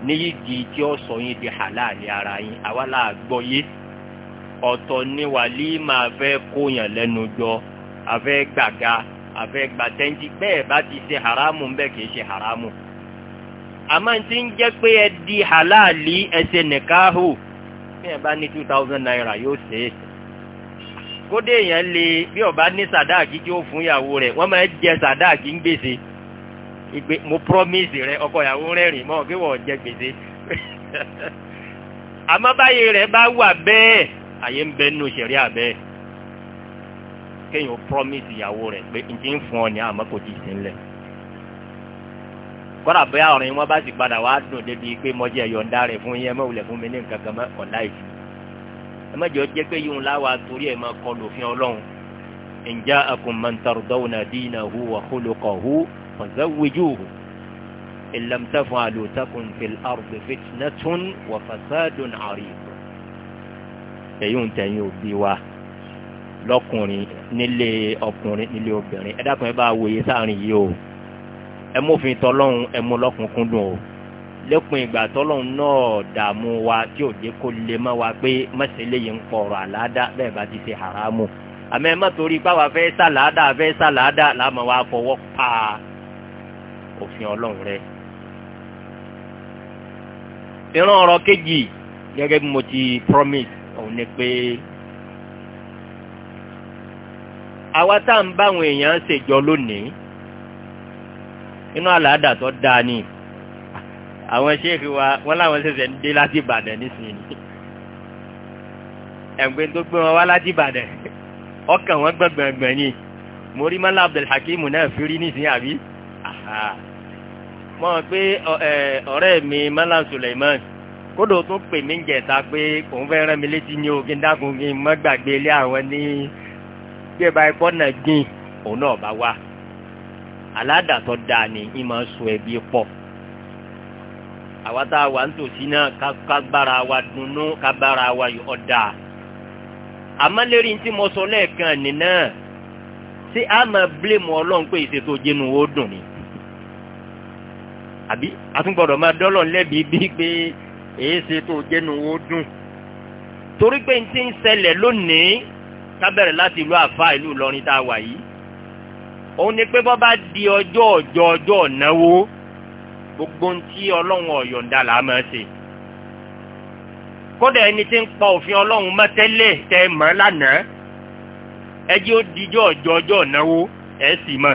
ní yìgì tí ó sọ yín di halali ara yín àwa là gbọ́ yé ọ̀tọ̀ ni wàlí máa fẹ́ kóyàn lẹ́nu jọ àfẹ́ gbàga àfẹ́ gbàtẹ́ńtì bẹ́ẹ̀ bá ti ṣe haramu bẹ́ẹ̀ kì í ṣe haramu àmọ́ tí ń jẹ́ pé ẹ di halali ẹ ṣe nìkáhù bí ẹ bá ní two thousand naira yóò ṣe é kódé èèyàn lè bí ọba ní sàdáàkì tí ó fún ìyàwó rẹ̀ wọ́n máa jẹ sàdáàkì ń gbèsè ìgbé mo promise rẹ ọkọ ìyàwó rẹ́rìn mọ́ kí wọ́n jẹ gbèsè (laughs) àmọ́ báyìí rẹ̀ bá wà bẹ́ẹ̀ àyè ń bẹ nínú ìṣẹ̀rí àbẹ́ kéèyàn promise ìyàwó rẹ̀ pé n ti ń fún ọ ní àmọ́ kò tí ì sínlẹ̀ kọ́dà bẹ́ẹ̀ àrùn yìí wọ́n bá sì padà wá dùn débi pé mọ́jẹ́ yọ̀ǹda rẹ̀ fún yẹn mọ́wulẹ̀ fún mi ní nǹkan kan mọ́ ọ̀la ìfì ẹ má jẹ́ ọ jẹ́ pé yìí ń láwa torí ẹ̀ máa kọlu òfin ọlọ́run in ja'akum man tardawna dinahu wa khuluquhu fazawwijuhu in lam taf'alu takun fil ardi fitnatun wa fasadun 'arib. ẹ̀yìn tẹ̀yìn òbí wa lọ́kùnrin nílé ọkùnrin nílé obìnrin ẹ dákun ẹ bá wòye sáàrin yìí o ẹ mú òfin tọ́lọ́run ẹ mú lọ́kùnkúndùn o lẹ́kùn ìgbà tọ́lọ́hún náà dààmú wa tí òde kò lè mọ́ wa pé mọ̀sẹ̀ léyìn ń pọ̀rọ̀ àládá bẹ́ẹ̀ bá ti ṣe haramu àmọ́ ẹ má torí páwa fẹ́ sàládà fẹ́ sàládà láàmú wa fọwọ́ pa òfin ọlọ́run rẹ. ìran ọ̀rọ̀ kejì gẹ́gẹ́ bí mo ti promise òun ni pé àwa tá à ń báwọn èèyàn ṣèjọ lónìí inú àládà tó dáa ni àwọn ṣéèkì wa wọ́n láwọn ṣẹ̀ṣẹ̀ ń dé láti Ìbàdàn nísìnyí ẹ̀gbẹ́ tó gbé wọn wá láti Ìbàdàn ọkàn wọn gbọ̀ngbọ̀ngbọ̀n ni mo rí mọ́lá Abdulhakeem náà fi rí nísìnyí àbí mọ̀ pé ọ̀rẹ́ mi mọ́lá Suleiman kódò tún pè mí jẹ̀ta pé òun fẹ́ rán mi létí ní ogin dákun kí n mọ́ gbàgbé ilé àwọn ní bí ẹ bá ẹkọ́ náà gbìn òun náà bá wá aládàtọ̀ dáa ni ìmọ̀ sùn ẹbí pọ̀ àwa tá a wà nítòsí náà ká bára wa dunnú ká bára wa yọ ọ̀dà àmọ́ lérí tí mo sọ lẹ́ẹ̀kan nìna ṣé a máa bílẹ̀mù ọlọ́run pé ìṣètò jẹnu ó dùn ni àbí àtúngbọ̀dọ̀ máa dọ́lọ̀ lẹ́bi bíi pé èyí ṣètò jẹnu ó dùn torí pé n ti ń ṣẹlẹ̀ lónìí kábẹ̀rẹ̀ láti ìlú àfa ìlú Ìlọrin tá a wà yìí òun ni pé bọ́ bá di ọjọ́ ọjọ́ ọjọ́ ọ̀náwó. gbogbo ntí ọlọ́run ọ̀yọ̀ǹda là á máa ṣe kódà ẹni tí ń pa òfin ọlọ́run mọ́tẹ́lẹ̀ tẹ mọ́ lánàá ẹjẹ́ ó dijọ́ ọjọ́ ọjọ́ náwó ẹ̀ sì mọ̀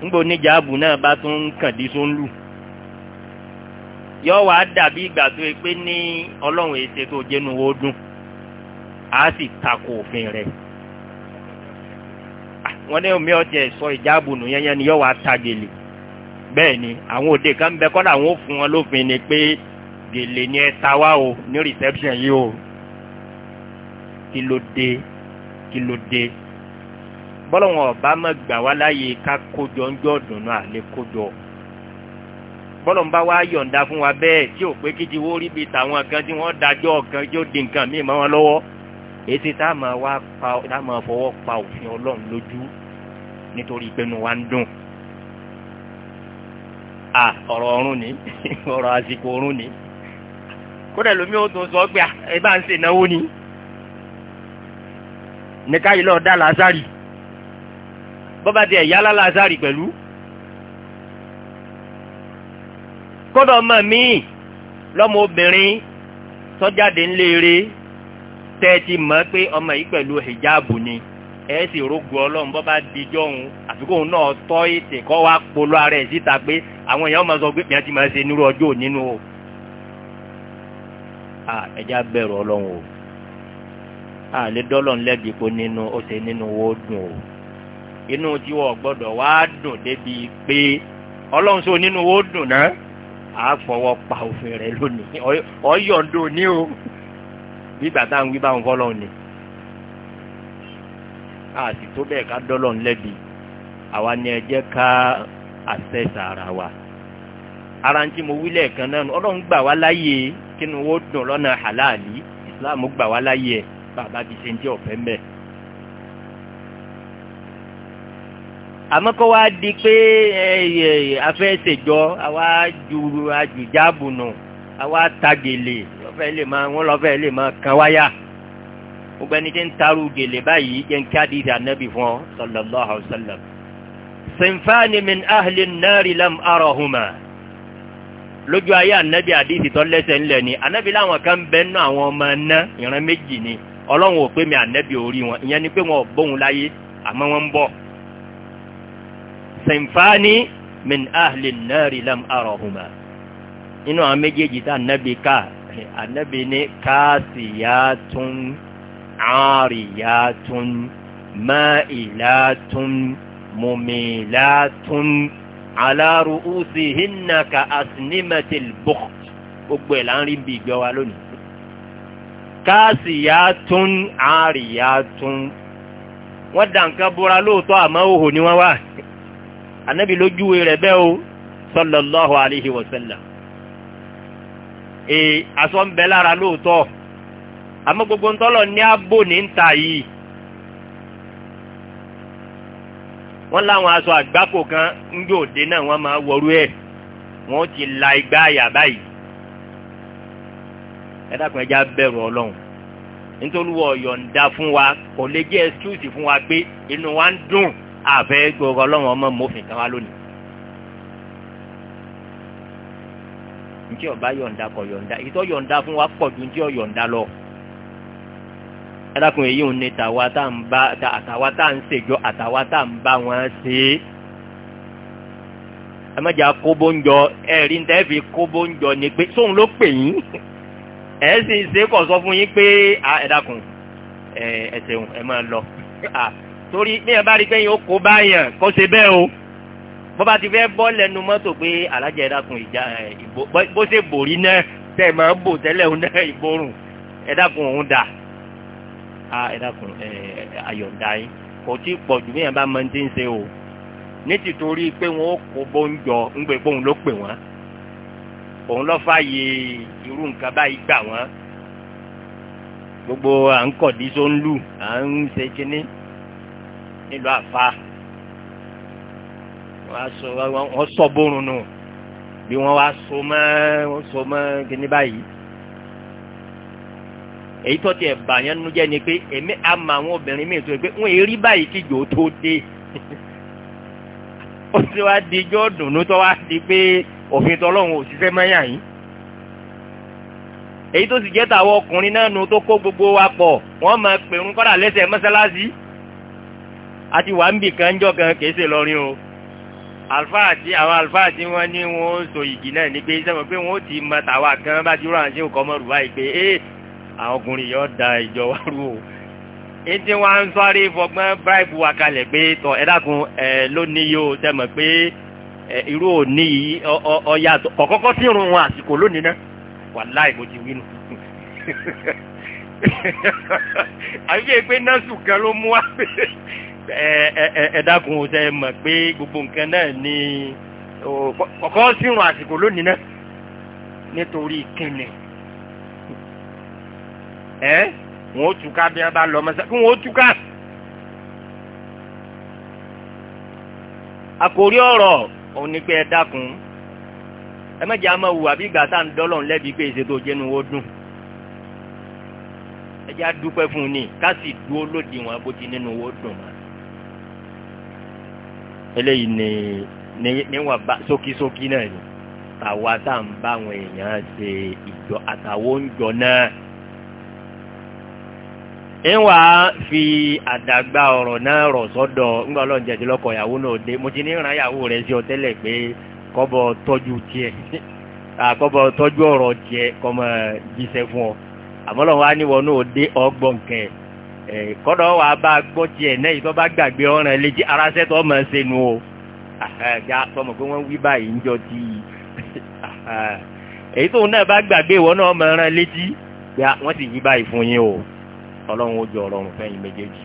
nígbà oníjàábù náà bá tún ń kàn dí sóń lù yọ wàá dàbí ìgbà tó pé ní ọlọ́run èsè tó jẹ́nu ó dùn á sì takò òfin rẹ̀. wọ́n ní omi ọtí ẹ̀sọ́ ìjáàbù nù yẹnyẹn ni yóò wá ta gèlè bẹ́ẹ̀ ni àwọn òde kan bẹ kọ́ làwọn ò fún wọn lófin ni pé gèlè ni ẹ ta wá o ní reception yìí o kí ló dé kí ló dé bọ́lọ̀wọ̀n ọba má gbà wá láàyè ká kójọ ńjọ́ dùnú àlè kójọ bọ́lọ̀n bá wá yọ̀ǹda fún wa bẹ́ẹ̀ tí ò pé kí ti wó rí bi tàwọn kan tí wọ́n dájọ́ kan tí ó di nǹkan míì wọn lọ́wọ́ èsì tá a máa wá pa tá a máa fọwọ́ pa òfin ọlọ́run lójú nítorí ìpinnu wa ń dùn. à ọ̀rọ̀ ọ̀run ni (laughs) ọ̀rọ̀ àsìkò ọ̀run ni kódà lómi ó tún sọ pé ẹ bá ń ṣe náwó ni nìka yìí lọ́ọ́ dá làásàrì bọ́ba tiẹ̀ yálà làásàrì pẹ̀lú kódà ọmọ mi lọ́mọ obìnrin sọ́jáde ńlẹ́ẹ̀rẹ́ tẹ́ ẹ ti mọ̀ pé ọmọ yìí pẹ̀lú hijabu ni ẹ sì rogo ọlọ́run bọ́ bá di jọ́hun àfikún náà tọ́ ètè kọ́ wá polo ara ẹ̀ síta pé àwọn èèyàn máa sọ pé bí wọ́n ti máa ṣe nírú ọjọ́ nínú o. ẹja bẹ̀rù ọlọ́run o àlè dọ́lọ̀ ńlẹ́bi kó nínú ó ṣe nínú wo dùn o inú tí wọ́n gbọ́dọ̀ wá dùn débi pé ọlọ́run sọ nínú wo dùn náà àá fọwọ́ pa òfin rẹ̀ lónìí ọ̀yọ̀ǹdò ní o àbí ìgbà tá à ń wí báwọn fọlọ́ ni àti tó bẹ́ẹ̀ ká dọ́lọ̀ ńlẹ́bi àwa ni ẹ jẹ́ ká àṣẹṣà ara wa ara ń tí mo wí lẹ́ẹ̀kan náà ọlọ́run gbà wá láyè kínú ó dùn lọ́nà àlàálì islam gbà wá láyè ẹ̀ bàbá ti ṣe ń jẹ́ ọ̀fẹ́ mẹ́ẹ̀. àmọ́ kọ́ wá di pé afẹ́ ṣèjọ́ àwa ju àjùjáàbù àwa ta gèlè lọ́fẹ̀ẹ́ lè máa wọ́n lọ́fẹ̀ẹ́ lè máa kan wáyà gbogbo ẹni tí ń taru gèlè báyìí jẹ́ ń kí àdìsí ànábì fún ọ sallallahu alaihi wasallam. sinfani min ahli nari lam arahuma lójú ayé ànábì àdìsí tó lẹ́sẹ̀ ńlẹ̀ ni ànábì láwọn kan bẹ́ẹ̀ nú àwọn ọmọ ẹ̀ná ìran méjì ni ọlọ́run ò pé mi ànábì orí wọn ìyẹn ni pé wọn ò bóun láyé àmọ́ wọn ń bọ̀. sinfani min ahli nari lam arahuma nínú àwọn méjèèjì tá ànábì ká ànábì ní káàsìyàtún àríyàtún máìlàtún mùmìlàtún aláàrú ùsì hinna ka asinimatil bukt gbogbo ẹ̀ là ń rí bí ìgbẹ́ wa lónìí. káàsìyàtún àríyàtún wọ́n dà nǹkan búra lóòótọ́ àmọ́ òhò ni wọ́n wà ànábì lójúwe rẹ̀ bẹ́ẹ̀ o sallallahu alayhi wa sallam ee aṣọ ń bẹ lára lóòótọ́ àmọ́ gbogbo ń tọ́lọ̀ ní ààbò ní ń ta yìí wọ́n láwọn aṣọ àgbákò kan ń jò dé náà wọ́n máa wọrú ẹ̀ wọ́n ti la igbá àyà báyìí ẹ dákun ẹja bẹ̀rù ọlọ́run nítorí wọ́n yọ̀ǹda fún wa kò lè jẹ́ excuse fún wa pé inú wa ń dùn àfẹ́ gbọ́rọ̀ ọlọ́run ọmọ mọ́fìn kan wá lónìí. ju tí ọba yọ̀ǹda kọ̀ yọ̀ǹda èyí tó yọ̀ǹda fún wa pọ̀ ju tí ọ yọ̀ǹda lọ. adákùnrin yìí ń ní tàwa tá à ń bá àtàwa tá à ń ṣèjọ àtàwa tá à ń bá wọn ṣe é. ẹ má jà kóbó ń jọ ẹ rí ní tẹ́ẹ̀fì kóbó ń jọ ni pé sóun ló pè yín ẹ sì ṣe kọ̀ sọ fún yín pé ẹ dákun ẹ ẹ ṣeun ẹ máa lọ. torí bí ẹ bá rí pé yín ó kó báyàn kó ṣe bẹ́ẹ̀ o bọ́ba ti fẹ́ bọ́ lẹ́nu mọ́tò pé alájà ẹ dákun ìjà ìbò bó ṣe bòrí náà tẹ̀ máa ń bò tẹ́lẹ̀ òun náà ìborùn ẹ dákun òun dà á ẹ dákun àyọ̀ǹda yín kò tí pọ̀ jù bíyànjú bá máa ń ti ń ṣe o ní tìtorí pé wọn ó kó bóńjọ ń gbé bóun ló pè wọn òun lọ́ fààyè irú nǹkan báyìí gbà wọ́n gbogbo à ń kọ̀dí sóńlù à ń ṣe kínní nílùú àfa wọ́n sọ bórun nù bí wọ́n wá so mọ́ wọ́n so mọ́ kíní báyìí èyí tó tiẹ̀ bàyàn nu jẹ́ ni pé èmi àmà àwọn obìnrin mi tó yẹ pé wọ́n èrí báyìí kí jò tó dé (laughs) ó ti wá di ijó dùnú tó wá di pé òfin tọ́lọ́run òṣìṣẹ́ mẹ́yà yìí èyí tó sì jẹ́ tàwọn ọkùnrin náà nu tó kó gbogbo wa pọ̀ wọ́n máa pèrún kọ́dà lẹ́sẹ̀ mọ́sálásí àti wàá ń bì kan jọ kan kèé lọ́rin o alfáà tí àwọn alfáà tí wọ́n ní wọ́n so igi náà ní pé sẹ́wọ̀n pé wọ́n ti mọ tàwa kan bá ti rán àṣẹ òkọ́ mọ́rù báyìí pé àwọn ọkùnrin yóò da ìjọ wa rú o èyí tí ń sọ́rí fọgbọ́n bíráìbù wa kalẹ̀ pé tọ ẹ dákun lónìí yóò sẹ́mọ̀ pé irú òní yìí ọ̀ya kọ̀kọ́kọ́ sí irun wọn àsìkò lónìí náà wàláì bó ti wí nù (laughs) àbí pé nọ́ọ̀sù kan ló mú wa (laughs) ẹ dákun ṣe mọ̀ pé gbogbo nǹkan náà ni kọ́kọ́ sírun àsìkò lónìí náà nítorí kìnnì ẹ wọn ó túká bí wọn bá lọ mọ́sá kí wọn ó túká. àkórí ọ̀rọ̀ òun ni pé ẹ dákun ẹ mẹ́jẹ̀ á máa wù àbí ìgbà tá à ń dọ́lọ̀ lẹ́bi pé èsè tó jẹ́nu ó dùn ẹ á dúpẹ́ fún un ní ká sì dúró lòdì wọn bó ti nínú ó dùn wọn eléyìí ni níwọ̀n bá sókísókí náà ni tàwa tá à ń bá àwọn èèyàn ṣe ìjọ àtàwọn oúnjọ náà. ìwà fi àdàgbà ọ̀rọ̀ náà rọ̀ sọ́dọ̀ ńgbà ọlọ́run jẹ̀dí lọ́kọ̀ ìyàwó náà dé mo ti ní ìran ìyàwó rẹ̀ sí ọ tẹ́lẹ̀ pé kọ́bọ̀ tọ́jú tiẹ̀ kọ́bọ̀ tọ́jú ọ̀rọ̀ tiẹ̀ kọ́mọ jíṣẹ́ fún ọ àmọ́ lọ́wọ́ á níwọ̀n náà dé ọgbọ̀n kẹ́ẹ̀ kọ́dọ̀ wà bá gbọ́ tiẹ̀ náà ìtọ́ bá gbàgbé ọ̀ràn léjì ara sẹ́tọ̀ ọmọ ṣe nu o ẹ̀ẹ́dá tọmọ pé wọ́n wí báyìí ń jọ ti èyí tóun náà bá gbàgbé ìwọ náà ọmọ ẹran létí pé wọ́n sì wí báyìí fún yín o ọlọ́run ó jọ ọ̀rọ̀rùn fẹ́yìn méjèèjì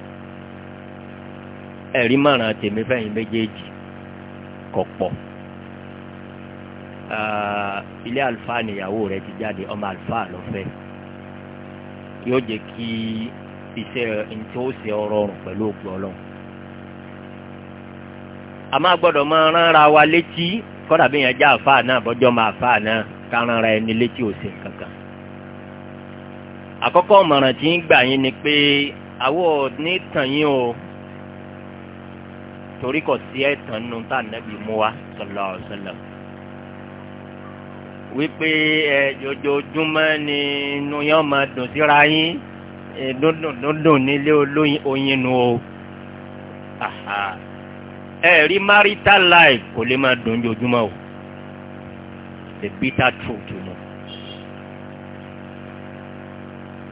ẹ̀rí mọ̀ràn tèmi fẹ́yìn méjèèjì kò ilé àlùfáà nìyàwó rẹ ti jáde ọmọ àlùfáà lọ yóò jẹ́ kí iṣẹ́ ntí ó ṣe ọrọrùn pẹ̀lú òkú ọlọ́run. a máa gbọ́dọ̀ máa ránra wa létí kọ́dà bí yẹn já àfáà náà bọ́jọ́ máa fáà náà ká ránra ẹni létí ò ṣe kankan. àkọ́kọ́ ọ̀mọ̀ràn tí ń gbà yín ni pé àwọ̀ ní tàn yín o torí kò sí ẹ̀tàn nínú tá ànábì mú wa sallallahu alaihi wípé ẹ jojoojúmọ́ ni inú yẹn máa dùn síra yín dundundundun nílé olóyin nu o ẹ̀rí marital life kò lè máa dùn jojúmọ́ o the bitter truth nu.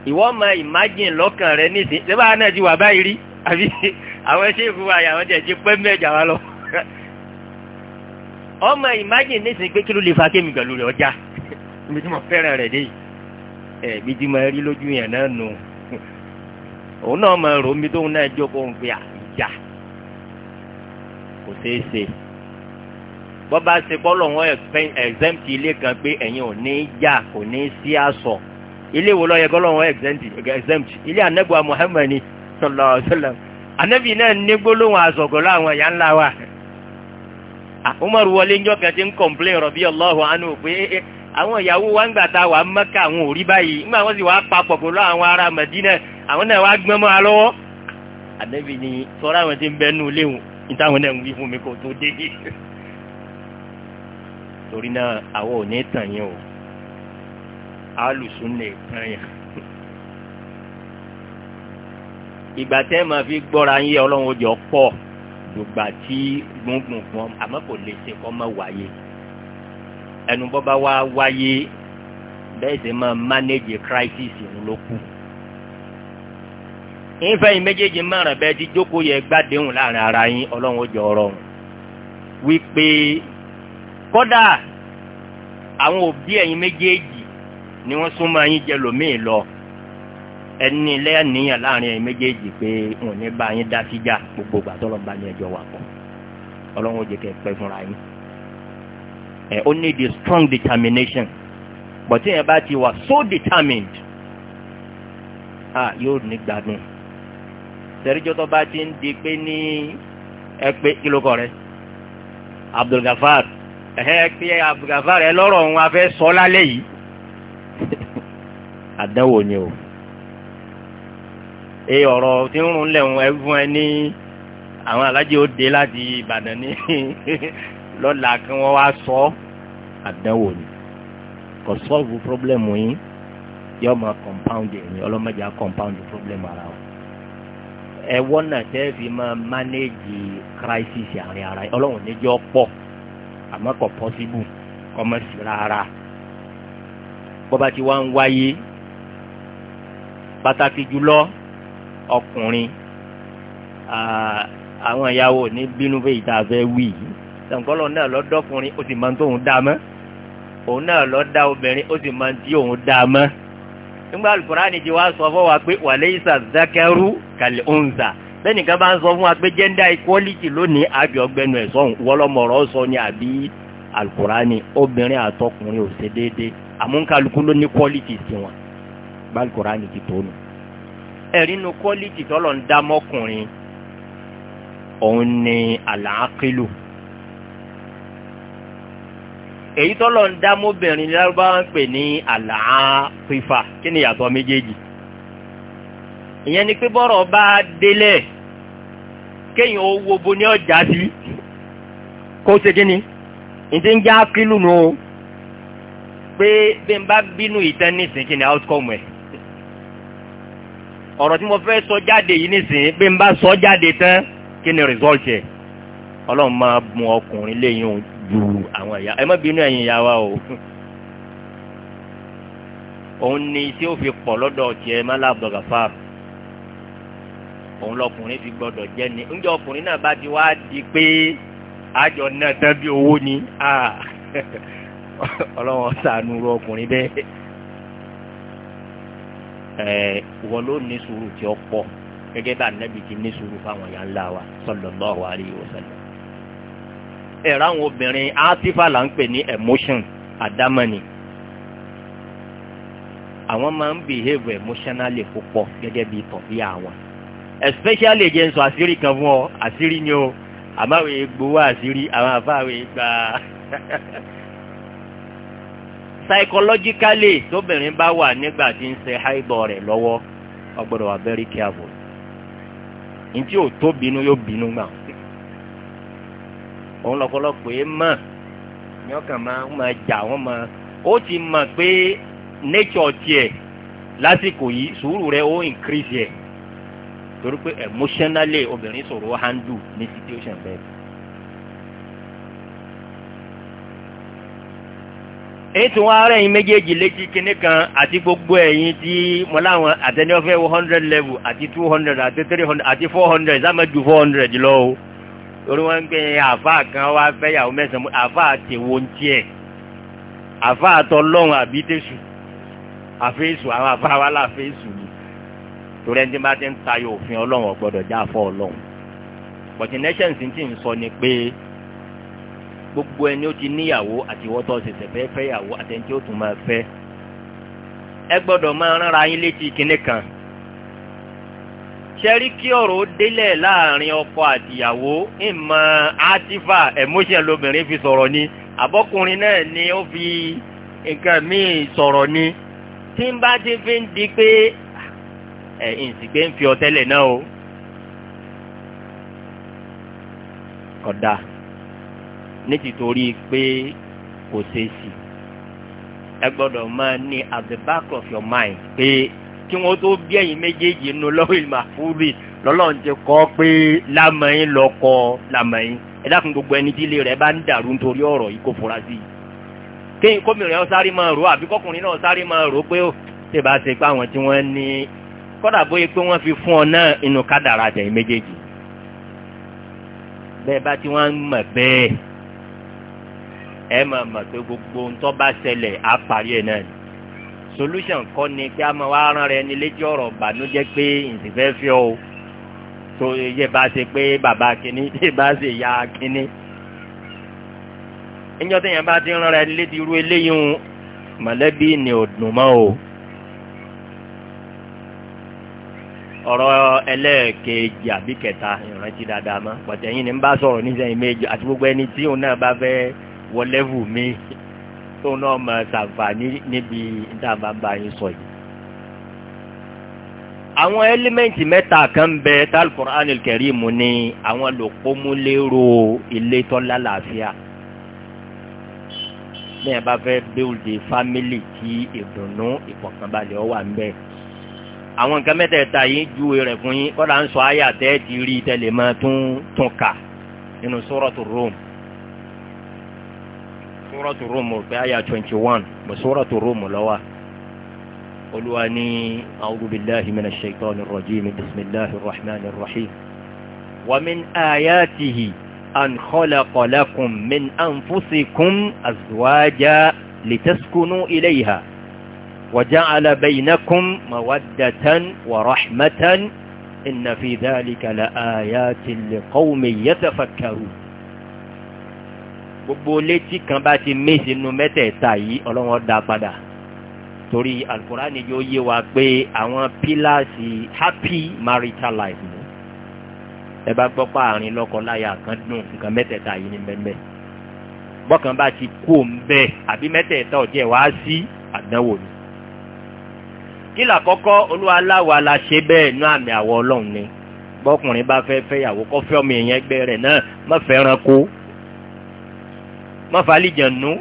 ìwọ máa imagine lọ́kàn rẹ nísìnyí ṣé báwa náà ti wà báyìí rí àbí àwọn ṣé ìfúnwa àwọn jẹ̀ ti pẹ́ mẹ́jà wa lọ. ọmọ imagine nísìnyí pé kí ló lè fa kémi pẹ̀lú rẹ̀ ọjà ibi tí mo fẹ́ràn rẹ̀ dé yìí ẹ̀ẹ́dì tí rí lójú yẹn náà nù. No òun náà máa rò mí tóun náà jókòó ń pè àjà kò ṣeé ṣe bọ́ bá ṣe kọ́ lọ́wọ́ ẹ̀xẹ́mpì ilé kan pé ẹ̀yin ò ní í jà kò ní í sí àṣọ ilé wo lọ́yẹ kọ́ lọ́wọ́ ẹ̀xẹ́mpì ilé anagba Muhammad ni sallallahu alaihi wasallam anabi náà ní gbólóhùn àṣọkọ láwọn ẹ̀yà ńlá wa Umar wọlé ńjọ́ kẹ́tí ń kọ̀m̀plé Radiyallahu anhu pé àwọn ìyàwó wa ń gbà tá a wà Mẹ́kà àwọn ò rí báyìí nígbà wọn sì wá papọ̀ pẹ̀lú àwọn ará Mẹdínà àwọn náà wá gbọ́n mọ́ alọ́wọ́ àdẹ́bí ni sọ́ra àwọn tí ń bẹ́ nù léwu nítawọn náà ń wí fún mi kò tó dé (laughs) torí náà àwọn ò ní tàn yín o alùsùn lè tàn yín (laughs) ìgbà tẹ́ máa fi gbọ́ra yín ọlọ́run ó jọ pọ̀ dùgbà tí gbùngbùn fún ọ àmọ́ kò lè ṣe kọ́ mọ́ wáyé ẹnu bọ́ba wá wáyé bẹ́ẹ̀ sì máa manage crisis ló kù. ìfẹ́ yìí méjèèjì márùn bẹ́ẹ̀ ti jókòó yẹ gbàdéhùn láàrin ara yín ọlọ́run ó jọ ọ̀rọ̀ wípé kódà àwọn òbí ẹ̀yin méjèèjì ni wọ́n súnmọ́ yín jẹ lòmíì lọ ẹni lẹ́yìn láàrin ẹ̀yin méjèèjì pé wọn ní bá yín dá síjà gbogbo ìgbà tó ní ẹjọ́ wà pọ̀ ọlọ́run ó jẹ́ pẹ́ fúnra yín ẹ eh, ó need strong determination but tí about you ti so determined ah yóò ní gbádùn sẹ́ríjọ́ tó bá ti ń di pé ní ẹ pé kí ló kọ rẹ Abdulgafar ẹ pé Abdulgafar ẹ lọ́rọ̀ òun afẹ́ sọ lálẹ́ yìí (laughs) àdánwò ni o ee ọ̀rọ̀ tí ń rún lẹ́hùn ẹ fún ẹ ní àwọn alájẹ òde láti Ìbàdàn ní (laughs) lọ́la kí wọ́n wá sọ ọ́ àdánwò ni kò sọ́ọ̀bù pírọ́blẹ́mù yín yọ máa kọ̀mpáùndì ẹ̀yìn ọlọ́mọdé á kọ̀mpáùndì pírọ́blẹ́mù ara wọn. ẹ wọ́nà tẹ́ fi máa mánéèjì crisis àárín ara yín ọlọ́run níjọ́ pọ̀ àmọ́ kò pọ́síbù kọ́ mọ́ sí rárá. bọ́ba ti wá ń wáyé pàtàkì jùlọ ọkùnrin àwọn ìyàwó ní bínú fèyí tá a fẹ́ wí yìí sànkọ́lọ̀ náà lọ dọ́kùnrin ó sì máa ń tó òun dá mọ́ òun náà lọ dá obìnrin ó sì máa ń tí òun dá mọ́ nígbà alukurani ti wá sọ fún wa pé wàlẹ́yìísà zakaru kàlẹ́ òǹzà bẹ́ẹ̀ni kan bá ń sọ fún wa pé gender equality lónìí àbí ọgbẹ́nu ẹ̀sọ́hùn sọ ni àbí alukurani obìnrin àtọkùnrin ò ṣe déédéé àmúkálukú ló ní quality tiwọn bá alukurani ti tó nù ẹ̀rínú quality tọ́lọ̀ ń dá mọ́kùnrin òun ni àlàákìlù èyí tọ́lọ̀ ń dá mọ́bìnrin lárúbáwá ń pè ní àlàáfífà kí ni ìyàtọ̀ méjèèjì ìyẹn ni pé bọ́rọ̀ bá délẹ̀ kéèyàn owó bo ní ọjà sí kó ṣe kí ni ìdí ń já kílù nù o pé bí n bá bínú ìtẹ́ nísìn kí ni outcome ẹ̀ ọ̀rọ̀ tí mo fẹ́ sọ jáde yìí nísìn bí n bá sọ jáde tán kí ni result ẹ̀ ọlọ́run máa bùn ọkùnrin lẹ́yìn òun ju àwọn ẹ̀yà ẹ má bínú ẹ̀yin ìyá wa o òun ni tí ó fi pọ̀ lọ́dọ̀ tiẹ̀ mọ́lá abdulgafa òun lọkùnrin fi gbọdọ̀ jẹ́ ni ńjẹ́ ọkùnrin náà bá ti wá di pé àjọ náà tán bí owó ni ọlọ́wọ́n sànù rọ ọkùnrin bẹ́ẹ̀ ló ní sùúrù tí ó bá ti wa ẹ̀rọ àwọn obìnrin átífà là ń pè ní emotion àdámọ́ni àwọn máa ń behave emotionally púpọ̀ gẹ́gẹ́ bí tọ̀bí àwọn especially kan fún ọ ni o àmáwé gbowó àṣírí àwọn àfáwé gba (laughs) psychologically tóbìnrin bá wà nígbà tí ń ṣe háìbọ̀ rẹ̀ lọ́wọ́ ó wà very careful ntí ò yóò bínú òun lọ́pọ̀lọpọ̀ yẹn mọ̀ ní máa ń máa jà wọ́n máa ó ti mọ̀ pé nature tiẹ̀ lásìkò yìí sùúrù rẹ̀ ó increase yẹ torí pé emotionally obìnrin sọ̀rọ̀ handle ní situation bẹ́ẹ̀. ètò wọn ara méjèèjì létí kinní kan àti gbogbo ẹ̀yin tí mo láwọn àtẹnifẹ́ one hundred level àti two hundred àti three hundred àti four hundred sáà máa ju four hundred lọ torí wọ́n ń pè é àfa kan wá fẹ́yàwó mẹ́sàn-án àfa àtẹ̀wò ń tiẹ̀ àfa àtọlọ́run àbí tẹ̀sù àfẹ́sù àwọn àfa wa là ni torí ẹni tí bá ti ń tayọ òfin ọlọ́run ọ̀gbọ́dọ̀ já fọ́ ọlọ́run bọ̀tí nẹ́sẹ̀nsì ti ń sọ ni pé gbogbo ẹni ó ti níyàwó àti wọ́tọ́ ṣẹ̀ṣẹ̀ fẹ́ fẹ́yàwó àtẹ̀ntí ó tún máa fẹ́ ẹ gbọ́dọ̀ máa rán ara yín létí kinní kan ṣẹ́rí kí ọ̀rọ̀ ó délẹ̀ láàrin ọkọ àtìyàwó ìmọ̀ átífà emotion lobìnrin fi sọ̀rọ̀ ni àbọ́kùnrin náà ni ó fi nǹkan míì sọ̀rọ̀ ni tí ń bá ti fi ń di pé ẹ̀ ìsìgbé ń fi ọ̀tẹ́lẹ̀ náà o kódà ní tìtorí pé kò ṣeé sí ẹ gbọ́dọ̀ máa ní at the back of your mind pé kí wọ́n tó bí ẹ̀yin méjèèjì nínú lọ́wọ́ ìmàfúrì lọ́lọ́run ti kọ́ pé lámọ̀yìn lọ́kọ lámọ̀yìn ẹ dákun gbogbo ẹni tí ilé rẹ̀ bá ń dàrú nítorí ọ̀rọ̀ yìí kò fura sí i. kéyìn kómìnrin náà sáré máa rò àbí kọkùnrin náà sáré máa rò pé ó ṣe bá ṣe pé àwọn tí wọ́n ní kọ́dà bóyá pé wọ́n fi fún ọ náà inú kádàrà àtẹ̀yìn méjèèjì. bẹ́ẹ̀ bá tí wọ́n mọ̀ bẹ́ẹ̀ ẹ mọ̀ mọ̀ pé gbogbo ń tọ́ bá ṣẹlẹ̀ á ẹ̀ náà ni solution kọ́ ni pé a máa wá rán rẹ ní létí ọ̀rọ̀ bànújẹ́ pé ǹsì fẹ́ fi ọ́ tó yẹ bá ṣe pé bàbá kínní (laughs) yẹ bá ṣe ya kínní. níjọ́ téèyàn bá ti rán rẹ létí irú eléyìí ń mọ̀lẹ́bí ni ò dùn mọ́ o. ọ̀rọ̀ ẹlẹ́ẹ̀kejì àbí kẹta ìrántí dáadáa mọ́ pọ̀tẹ́yìn ni ń bá sọ̀rọ̀ nísìnyí méjì àti gbogbo ẹni tí òun náà bá fẹ́ wọlé wù mí tó náà mọ̀ ṣàǹfààní níbi ìdáàbà bá yín sọ yìí. àwọn ẹlẹ́mẹ̀ntì mẹ́ta kan bẹ tálkùránì kẹrìmù ni àwọn lòpómúlérò ilé tọ́lá làáfíà ní ẹ bá fẹ́ build a family tí ìdùnnú ìfọ̀kànbalẹ̀ ọ wà ń bẹ. àwọn nǹkan mẹ́tẹ̀ẹ̀ta yìí júwe rẹ̀ fún yín kọ́dà ń sọ àyà tẹ́ ti rí tẹ́lẹ̀ mọ́ tún tún kà nínú sọ́rọ̀tù Rome. سورة الروم بآية 21 بسورة الروم لوا قل واني أعوذ بالله من الشيطان الرجيم بسم الله الرحمن الرحيم ومن آياته أن خلق لكم من أنفسكم أزواجا لتسكنوا إليها وجعل بينكم مودة ورحمة إن في ذلك لآيات لقوم يتفكرون gbogbo létí kan bá ti méṣe nu mẹ́tẹ̀ẹ̀ta yìí ọlọ́wọ́n dá padà torí alukurani yóò yé wa pé àwọn pílàsì happy marital life ni ẹ bá gbọ́ pa àárín lọ́kọ-láya kan dùn nǹkan mẹ́tẹ̀ẹ̀ta yìí ni mẹ́mẹ́ bọ́kàn bá ti kú òun bẹ́ẹ̀ àbí mẹ́tẹ̀ẹ̀ta ọ̀jẹ̀ wá sí àdánwò ni kílà kọ́kọ́ olúwaláwa la ṣe bẹ́ẹ̀ nú àmì àwọ̀ ọlọ́run ni bọ́kùnrin bá fẹ́ fẹ́yàwó kọ́ fẹ́ ọmọ èèyàn ẹgbẹ́ rẹ̀ náà má kó mọ́fà àlìjànú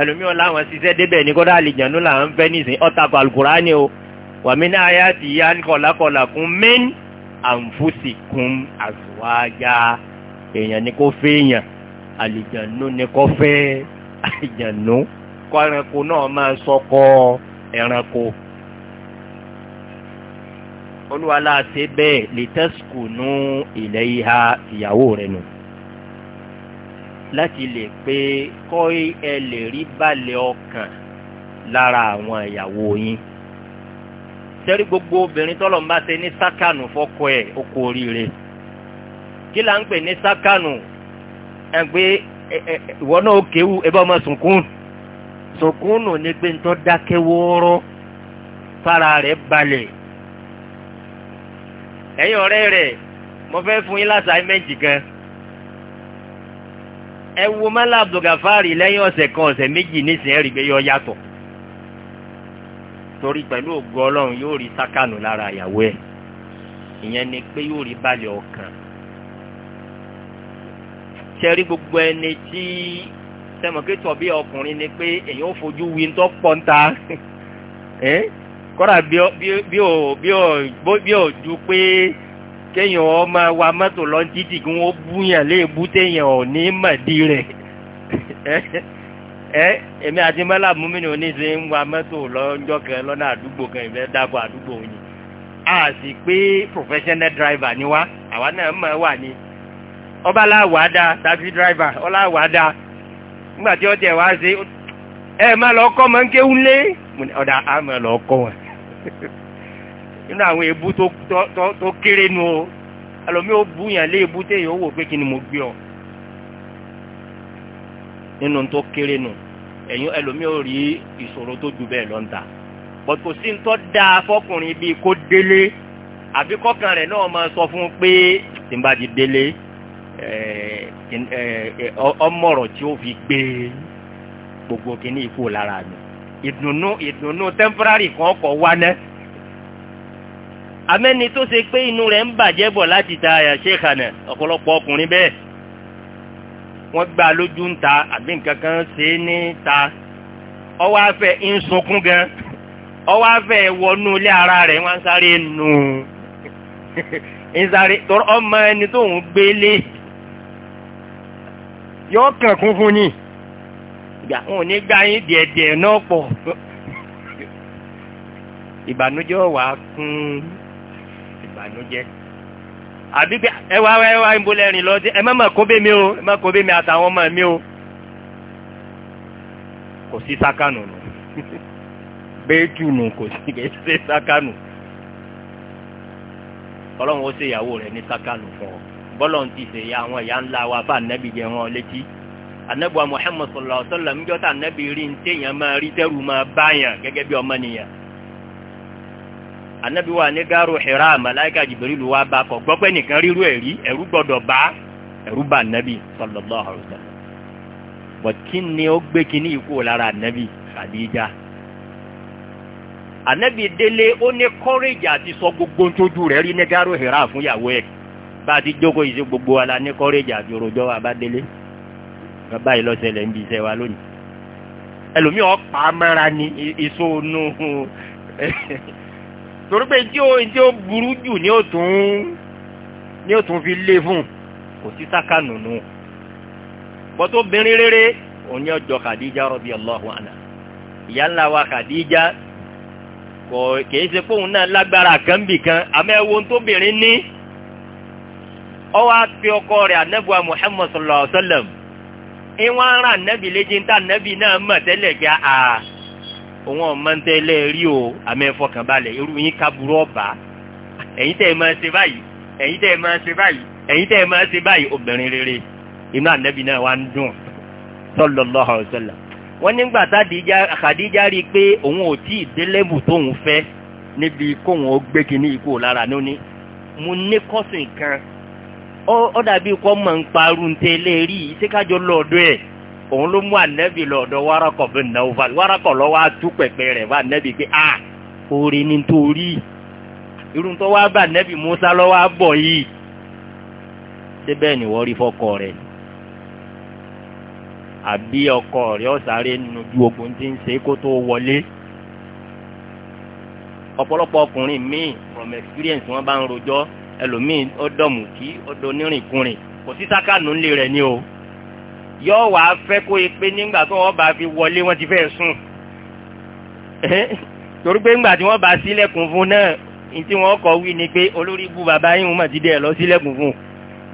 ẹlòmíràn láwọn ṣiṣẹ́ débẹ̀ ní kọ́dá àlìjànú là ń fẹ́ nísìn ọ̀tàkọ̀ alukurani o wàmí náà yá ti yá kọ̀lákọ̀lá kún mẹ́n àǹfùsì kún àzùwájà èèyàn ní kò fẹ́ èèyàn àlìjànú ní kò fẹ́ àlìjànú kọ́ ẹranko náà máa sọkọ ẹranko olúwa láti bẹ́ẹ̀ lè tẹ́sùkù nú ilẹ̀ ìhà ìyàwó rẹ̀ nù. No láti lè pé kọ́ ẹ lè rí balẹ̀ ọkàn lára àwọn ìyàwó yín sẹ́rí gbogbo obìnrin tọ́lọ̀ ń bá ṣe ní sákànù fọ́kọ ẹ̀ oko oríire kí là ń pè ní sákànù ẹ pé ìwọ náà ó kéwu ẹ bá ọmọ sùnkún sùnkún nù ní pé nítorí dákẹ́ wọ́ọ́rọ́ fara rẹ̀ balẹ̀ ẹ̀yin ọ̀rẹ́ rẹ̀ mo fẹ́ fún yín lásàámẹ́ǹtì kan ẹ wo mọ́lá abdulgafari lẹ́yìn ọ̀sẹ̀ kan ọ̀sẹ̀ méjì nísìnyẹ́ rí i pé yọ yàtọ̀ torí pẹ̀lú ògo ọlọ́run yóò rí sákànù lára ìyàwó ẹ̀ ìyẹn ni pé yóò rí balẹ̀ ọkàn ṣẹ́rí gbogbo ẹni tí sẹ́mọ̀kẹ́tọ̀ bí ọkùnrin ni pé èyàn ó fojú wi tó pọ̀ ń ta (laughs) kọ́ra bí ò ju pé kéèyàn ọmọ wa mọ́tò lọ títì kí wọ́n búyàn léèbú téèyàn ò ní mọ̀dí rẹ̀ (laughs) ẹ èmi àti mọ́là múmínú oníṣẹ́ ń wa mọ́tò lọ́jọ́ kan lọ́nà àdúgbò kan ìfẹ́ dákọ̀ àdúgbò yìí a sì pé professional driver ni wá àwa náà mọ̀ wà ní ọba aláwàdà taxi driver ọláwàdà nígbà tí ó tẹ̀ wá ṣe ẹ má lọ kọ́ mọ́ ń kéwú ọ̀dà á lọ kọ́ wọn. (laughs) nínú àwọn èébú tó kéré nu o ẹlòmí ó bú yàn lé èébú téèyàn ó wò pé kí ni mo gbé ọ nínú tó kéré nu ẹ̀yin ẹlòmí ó rí ìṣòro tó ju bẹ́ẹ̀ lọ́ńtà bọ́t kò sí tó dáa fọkùnrin bíi kó délé àbí kọ́kàn rẹ̀ náà máa sọ fún un pé tí n bá ti délé ọmọọ̀rọ̀ tí ó fi gbé gbogbo kìíní ikú lára mi ìdùnnú ìdùnnú tẹ́ḿpárárì kan kọ̀ wá náà amẹ́ni tó ṣe pé inú rẹ̀ ń bàjẹ́ bọ̀ láti ta àyà ṣèkànà ọ̀pọ̀lọpọ̀ ọkùnrin bẹ́ẹ̀ wọ́n gbà lójú ń ta àbí nǹkan kan ṣe ní ta ọwọ́ afẹ́ ń sunkún gan ọwọ́ afẹ́ wọnú ilé ara rẹ̀ wọ́n sáré nù (laughs) ń sáré tọrọ ọmọ ẹni tó ń gbélé yọ kàn kún fún yìí gbà wọn ò ní gbá yín díẹ̀díẹ̀ náà pọ̀ (laughs) ìbànújẹ́ wà kún un bànújẹ́ àbí pé ẹ wá ẹ wá ń bolẹ̀ rìn lọ sí ẹ má má kó bẹ́ mi o ẹ má kó bẹ́ mi àtàwọn ọmọ mi o kò sí sákànù nù (laughs) bẹ́ẹ̀tù nù kò sí kẹ́sẹ́ sákànù ọlọ́run ó ṣe ìyàwó rẹ̀ ní sákànù fún ọ bọ́lọ̀ ti ṣe ya àwọn ìyá ńlá wa bá ànábì jẹ wọn létí ànábì wa Muhammad sallallahu alaihi wasallam níjọ́ tá ànábì rí ní téèyàn máa rí tẹ́rù máa báyàn gẹ́gẹ́ bí ọmọ nìyàn anabi wa ní gaaru Hira malaika Jibrilu wa bá kọ gbọ́ pé nìkan ríru ẹ̀ rí ẹ̀rú gbọ́dọ̀ bá ẹ̀rú bá anabi sallallahu alaihi wasallam but kí ni ó gbé kíní ikú lára anabi Khadija anabi délé ó ní kọ́rẹ́jì àti sọ gbogbo ntójú rẹ̀ rí ní gaaru Hira fún ìyàwó ẹ̀ bá ti jókòó yìí sí gbogbo wa la ní kọ́rẹ́jì wa bá délé bàbá yìí lọ́sẹ̀lẹ̀ ń bi wa lónìí ẹlòmíì ọ̀pá ni ìṣó nu (laughs) torí pé tí ó tí ó burú jù ni ó tún ni ó tún fi lé fún kò sí sáka nùnú bọ́tò rere òní ọjọ́ Khadija radiyallahu anha ìyá ńlá wa Khadija kò kìí ṣe fóun náà kan kan ọkọ anabuwa sallallahu alaihi wa sallam ìwọ̀n ara anabi léjì ta anabi náà a. òun ọmọ ń tẹ́lẹ̀ rí o àmì ẹ̀fọkànbalẹ̀ irú yín kaburú ọ̀bà ẹ̀yin tẹ́ ẹ máa ṣe báyìí ẹ̀yin tẹ́ ẹ máa ṣe báyìí ẹ̀yin tẹ́ ẹ máa ṣe báyìí obìnrin rere inú ànábì náà wá ń dùn sallallahu alaihi wasallam wọ́n nígbà tádìjà Khadija rí i pé òun ò tí ì délébù tóun fẹ́ níbi kóun ó gbé kinní ikú lára ní ní mo ní kọ́sìn kan ó dàbí kọ́ mọ̀ ń parun tẹ́lẹ̀ rí i lọ́ọ̀dọ́ ẹ̀ òun ló mú ànẹ́bì lọ ọ̀dọ̀ wárakọ̀ bí nà ọba wárakọ̀ lọ́wọ́ atú pẹ̀pẹ́ rẹ̀ bá ànẹ́bì pé a orí ni torí irun tó wá bá ànẹ́bì Musa lọ́wọ́ abọ̀ yìí ṣé bẹ́ẹ̀ ni wọ́n rí fọ́kọ rẹ̀ àbí ọkọ rẹ̀ ọ̀sáré nínú ju ogun tí ń ṣe kó tó wọlé ọ̀pọ̀lọpọ̀ ọkùnrin míì from experience wọ́n bá ń rojọ́ ẹlòmíì ọdọ̀mù kí ọdọ̀ onírìnkùnrin kò sí sákàánú ńlẹ̀ rẹ̀ ni o yọ wàá fẹ́ kó e pé nígbà tó wọ́n bá fi wọlé wọ́n ti fẹ́ sùn torí pé ńgbà tí wọ́n bá sílẹ̀kùn fún náà ntí wọ́n kọ wí ni pé olórí ibú bàbá yín wọ́n ti dẹ̀ lọ sílẹ̀kùn fún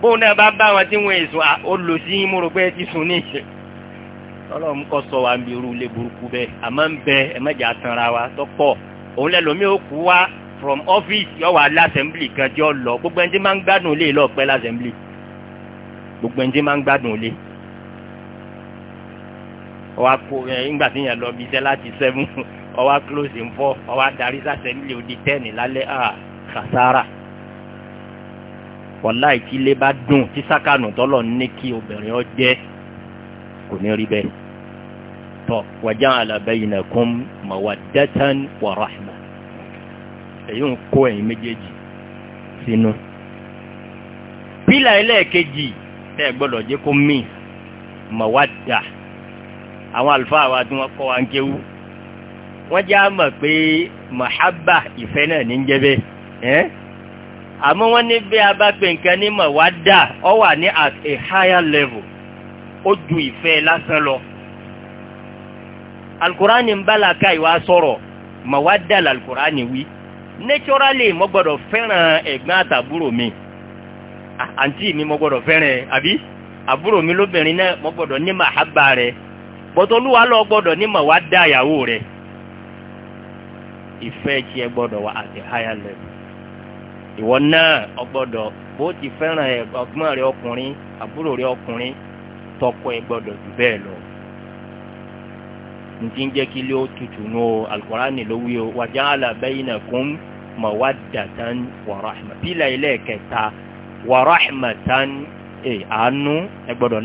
bóun náà bá bá wọn tí wọ́n èso olùsí yín múro pé ti sùn ní ìṣe ọlọ́run kọ́ sọ wa ń bi irú ilé burúkú bẹ́ẹ̀ àmọ́ ń bẹ ẹ mẹ́jẹ àtànra wa tọ́pọ̀ òun lẹ́lòmíì ó kú wa from office yọ wa lásẹ̀mblì kan jọ lọ gbogbo ẹni tí máa ń gbádùn ilé lọ́ọ̀pẹ́ lásẹ̀mblì gbogbo ẹni tí máa ń gbádùn ilé ọwọ́ akó ẹ eh, ńgbà tí yẹn lọ bí iṣẹ́ láti seven ọwọ́ akílóòsì ń fọ́ ọwọ́ adarí sàṣẹ nílé odi ten lálẹ́ ah kàsára wàláì tí ilé bá dùn tí sákànù tọ́lọ̀ ní kí obìnrin ọ jẹ́ kò ní rí bẹ́ẹ̀ tọ́ waja'ala baynakum mawaddatan wa rahma èyí ń kó ẹ̀yin méjèèjì sínú. pílà ẹlẹ́ẹ̀kejì ẹ gbọ́dọ̀ jẹ́ kó mí mawadda àwọn àlùfáà wa tí wọ́n kọ́ wa ń kéwú wọ́n já mọ̀ pé mahaba ìfẹ́ náà ní jẹ́bẹ́ ẹ́ àmọ́ wọ́n ní bí a bá pe nǹkan ní mọ̀wádà ọ wà ní at a higher level ó ju ìfẹ́ lásán lọ alukurani ń bá la ìwà sọ̀rọ̀ wí naturally mo fẹ́ràn ẹ̀gbọ́n àtàbúrò mi àǹtí mi mo fẹ́ràn ẹ̀ àbí àbúrò mi lóbìnrin náà mo ní rẹ̀ bọ́tọ̀lúwa lọ gbọ́dọ̀ ní mọ̀ wá dá ìyàwó rẹ̀ ìfẹ́ tí ẹ gbọ́dọ̀ wá a higher level ìwọ náà ọ bó ti fẹ́ràn ẹ ọgbọ́n rẹ ọkùnrin àbúrò rẹ ọkùnrin tọkọ ẹ gbọ́dọ̀ jù bẹ́ẹ̀ lọ ntí ń jẹ́ kí ilé ó tutù nù o alukurani ló wí o waja'ala bainakum mawaddatan wa rahma pílà ilé kẹta àánú ẹ gbọ́dọ̀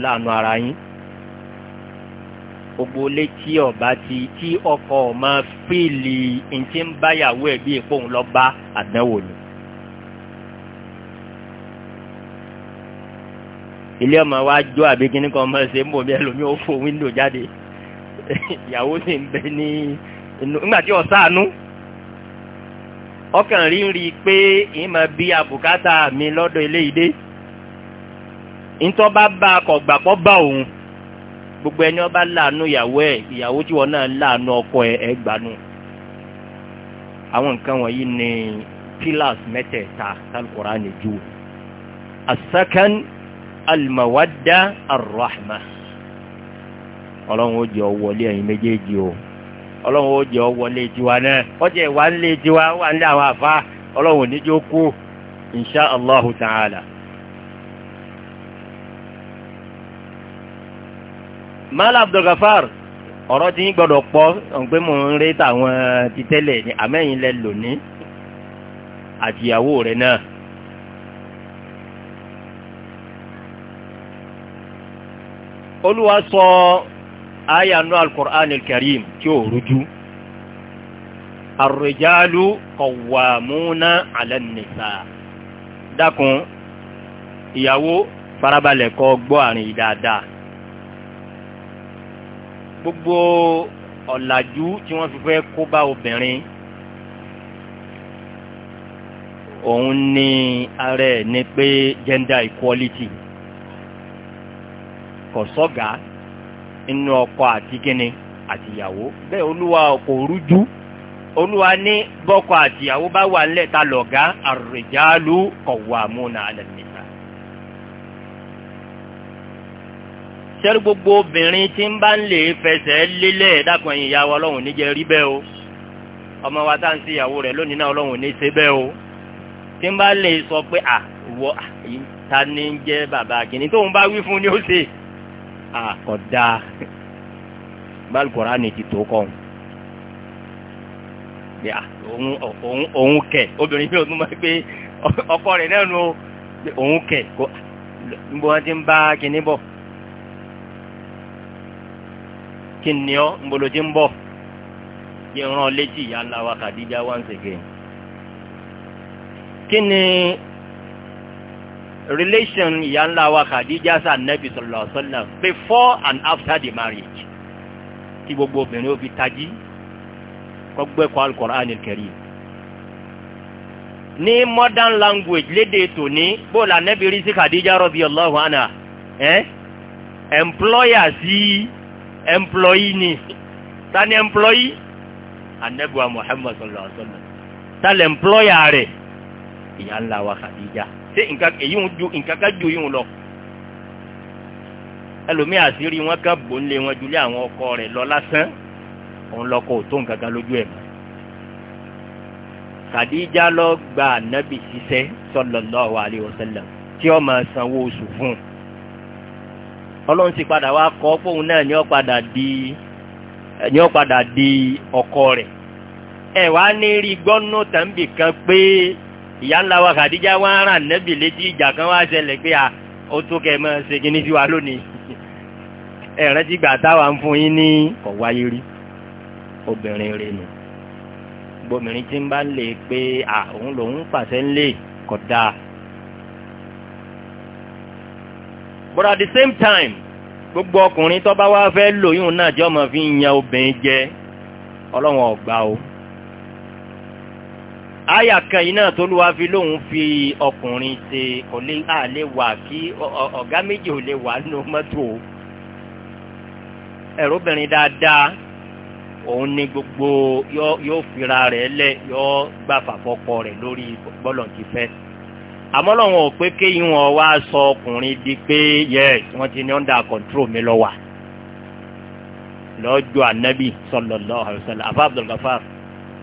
gbogbo ilé tí ọba ti tí ọkọ ọmọ fíìlì ntí ń báyàwó ẹ bí èpò ń lọ bá àdánwò ni. ilé ọmọ wa jó àbí kíní kan ọmọ ṣe ń bò bí ẹlòmíì ó fò wíńdò jáde (laughs) ìyàwó sì ń bẹ ní inú nígbà tí ọ̀sánú ọkàn rí ń rí i pé ìmọ̀ bí àbùkátà mi lọ́dọ̀ eléyìí dé ntọ́ bá bá a kọ̀ gbàpọ̀ bá òun gbogbo ẹni ọba láàánú ìyàwó ẹ ìyàwó tí wọn náà láàánú ọkọ ẹ ẹ gbanú àwọn nǹkan wọ̀nyí ni pillars mẹ́tẹ̀ẹ̀ta Al-Qur'ani jù asakan almawadda arrahma ọlọ́run ó jẹ́ ọ ẹ̀yin méjèèjì o ọlọ́run ó jẹ́ ọ tiwa náà ọjà ìwà ńlẹ̀ tiwa wà ńlẹ̀ àwọn àfa ọlọ́run ò ní jẹ́ ó Allahu ta'ala. mala abdulgafar ọ̀rọ̀ tí yín gbọ́dọ̀ pọ̀ pé mò ń rí tàwọn ti tẹ́lẹ̀ ní àmẹ́yìn lẹ lónìí àtìyàwó rẹ̀ náà. olúwa sọ ayanu al-Qur'an al-Karim tí ó rújú ar-rijalu qawwamuna 'ala dákun ìyàwó farabalẹ̀ kó gbọ́ àrìn dáadáa gbogbo ọ̀làjú tí wọ́n fi fẹ́ kó bá obìnrin òun ni ààrẹ ni pé gender equality kò sọ́gà inú ọkọ àti kíni àtìyàwó bẹ́ẹ̀ olúwa kò rújú olúwa ní bọ́kọ àtìyàwó bá wà nílẹ̀ ta lọ̀gá ar-rijalu qawwamuna 'ala sẹ́rí gbogbo obìnrin tí ń bá ń lè fẹsẹ̀ lélẹ̀ dákun ẹ̀yìn ìyá wa ọlọ́run níjẹ́ rí bẹ́ẹ̀ o ọmọ wa tá à ń sí ìyàwó rẹ̀ lónìí náà ọlọ́run ní ṣe bẹ́ẹ̀ o tí ń bá lè sọ pé à wọ ta ni ń jẹ́ bàbá kìíní tóun bá wí fún ni ó ṣe àkọ́dá balùkọ́rá ni ti tó kọ́ òun òun kẹ̀ obìnrin yóò tún máa pé ọkọ rẹ̀ náà nu òun kẹ̀ níbo wọn ti ń bá kìíní bọ̀. kí ni ọ nbolojì ń létí ìyá wa Khadija once again kí relation ìyá ńlá wa Khadija sa Nabi sallallahu alaihi before and after the marriage tí gbogbo obìnrin ó fi tají kọgbẹ́kọ̀ Al-Qur'an al-Karim modern language léde tòní bóòlù anabi rí sí Khadija radiyallahu anha Eh? employer sí ẹmplọyì ni tani ẹmplọyì anabiwa muhammad sallallahu alaihi wa sallam tali ẹmplọyà rẹ̀ ìyá ńlá wa Khadija ṣé nǹkan èyí ń ju nǹkan ká ju yín lọ ẹlòmíì àṣírí wọn ká bò ń lé wọn ju lé àwọn ọkọ rẹ̀ lọ lásán òun lọkọ ò tó nǹkan kan lójú ẹ̀ mọ́ Khadija lọ gba anabi ṣiṣẹ́ sallallahu alaihi wa sallam tí ó máa sanwó oṣù fún un ọlọ́run sì padà wá kọ́ fóun náà ní ó padà di ní ó padà di ọkọ rẹ̀ ẹ wá ní rí gbọ́nú tàǹbì kan pé ìyá ńlá wa Khadija wá ń ràn nẹ́bì létí ìjà kan wá ṣẹlẹ̀ pé à ó tó kẹ́ ẹ máa ṣe kíní sí wa lónìí (laughs) ẹ rántí gbà táwa ń fún yín ní ọ̀wáyé rí obìnrin rẹ̀ nù gbòmìnrin tí ń bá lè pé à òun lòun pàṣẹ ńlẹ̀ kódà but at the same time gbogbo ọkùnrin tó bá wá fẹ́ lò yíwọn náà jẹ́ ọmọ fi ń yan obìnrin jẹ ọlọ́run ọ̀gbà o. àyà kan yìí náà t'Olúwa fi lóun fi ọkùnrin ṣe kò lè à wà kí ọ̀gá méjì ò lè wà nínú mọ́tò ẹ̀rọ obìnrin dáadáa òun ni gbogbo yóò fira rẹ̀ lẹ̀ yóò gbà fàfọ́kọ rẹ̀ lórí bọ́lọ̀ ti fẹ́ àmọ́ lọ́wọ́ ò pé kéyìn wọn wá sọ ọkùnrin di pé yes wọ́n ti ní under control mi lọ́wà lọ́jọ́ ànábì sallallahu alaihi wasallam àfa Abdul Ghaffar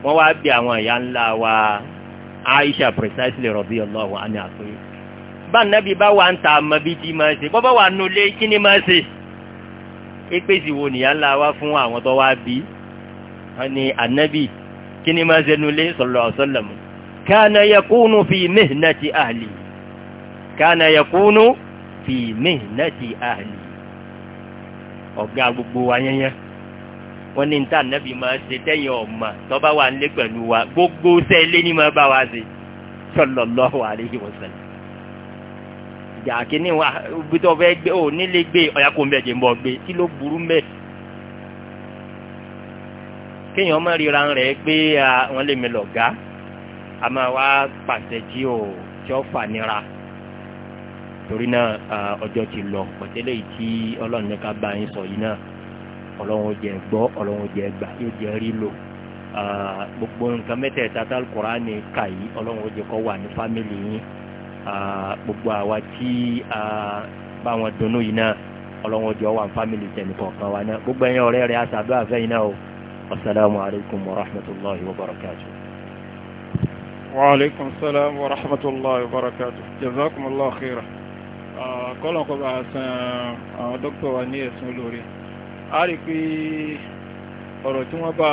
wọ́n wá bí àwọn ìyá ńlá wa Aisha precisely radiyallahu anha àpè bá ànábì bá wà ń ta àmọ́ bí ti máa ṣe bọ́bá wà nù lé kí ni máa ṣe ìpèsè wo nìyá ńlá wa fún àwọn tó wá bí wọ́n ní ànábì kí ni máa ṣe nulẹ̀ sallallahu alaihi wasallam كان يكون في مهنة أهلي كان يكون في مهنة أهلي ọ̀gá gbogbo wa yẹnyẹ wọ́n ní níta nẹ́bí máa ṣe tẹ́yìn ọ̀mà tọ́ba wa ń lé pẹ̀lú wa gbogbo sẹ́lẹ̀ ní máa bá wa ṣe sallallahu alaihi wasallam. ìjà kínní wa ibi tó fẹ́ gbé ò nílé gbé ọ̀yà kò ń jẹ́ ń gbé kí ló burú mẹ́. kéèyàn má ríra rẹ̀ pé wọ́n lè mi lọ̀gá a máa wá pàṣẹ tí ò tí ó fà nira torí náà ọjọ́ ti lọ pọ̀tẹ́lẹ̀ yìí tí ọlọ́run ní ká bá yín sọ yìí náà ọlọ́run ò jẹ́ gbọ́ ọlọ́run ò jẹ́ gbà yóò jẹ́ rí lò gbogbo nǹkan mẹ́tẹ̀ẹ̀ta tá Kùránì kà yìí ọlọ́run ò jẹ́ kó wà ní fámìlì yín gbogbo àwa tí bá wọn dunnú yìí náà ọlọ́run ò jẹ́ wà ní fámìlì tẹ̀lé kọ̀ọ̀kan wa náà gbogbo ẹ̀yin ọ̀rẹ́ rẹ̀ àtàdúrà fẹ́yìn náà o assalamu alaikum wa rahmatullahi wa barakatuh. وعليكم السلام ورحمة الله وبركاته جزاكم الله خيرا kọ́lọ̀n kọ́ bá san àwọn dókítà wa ní ẹ̀sùn olóore a rí pé ọ̀rọ̀ tí wọ́n bá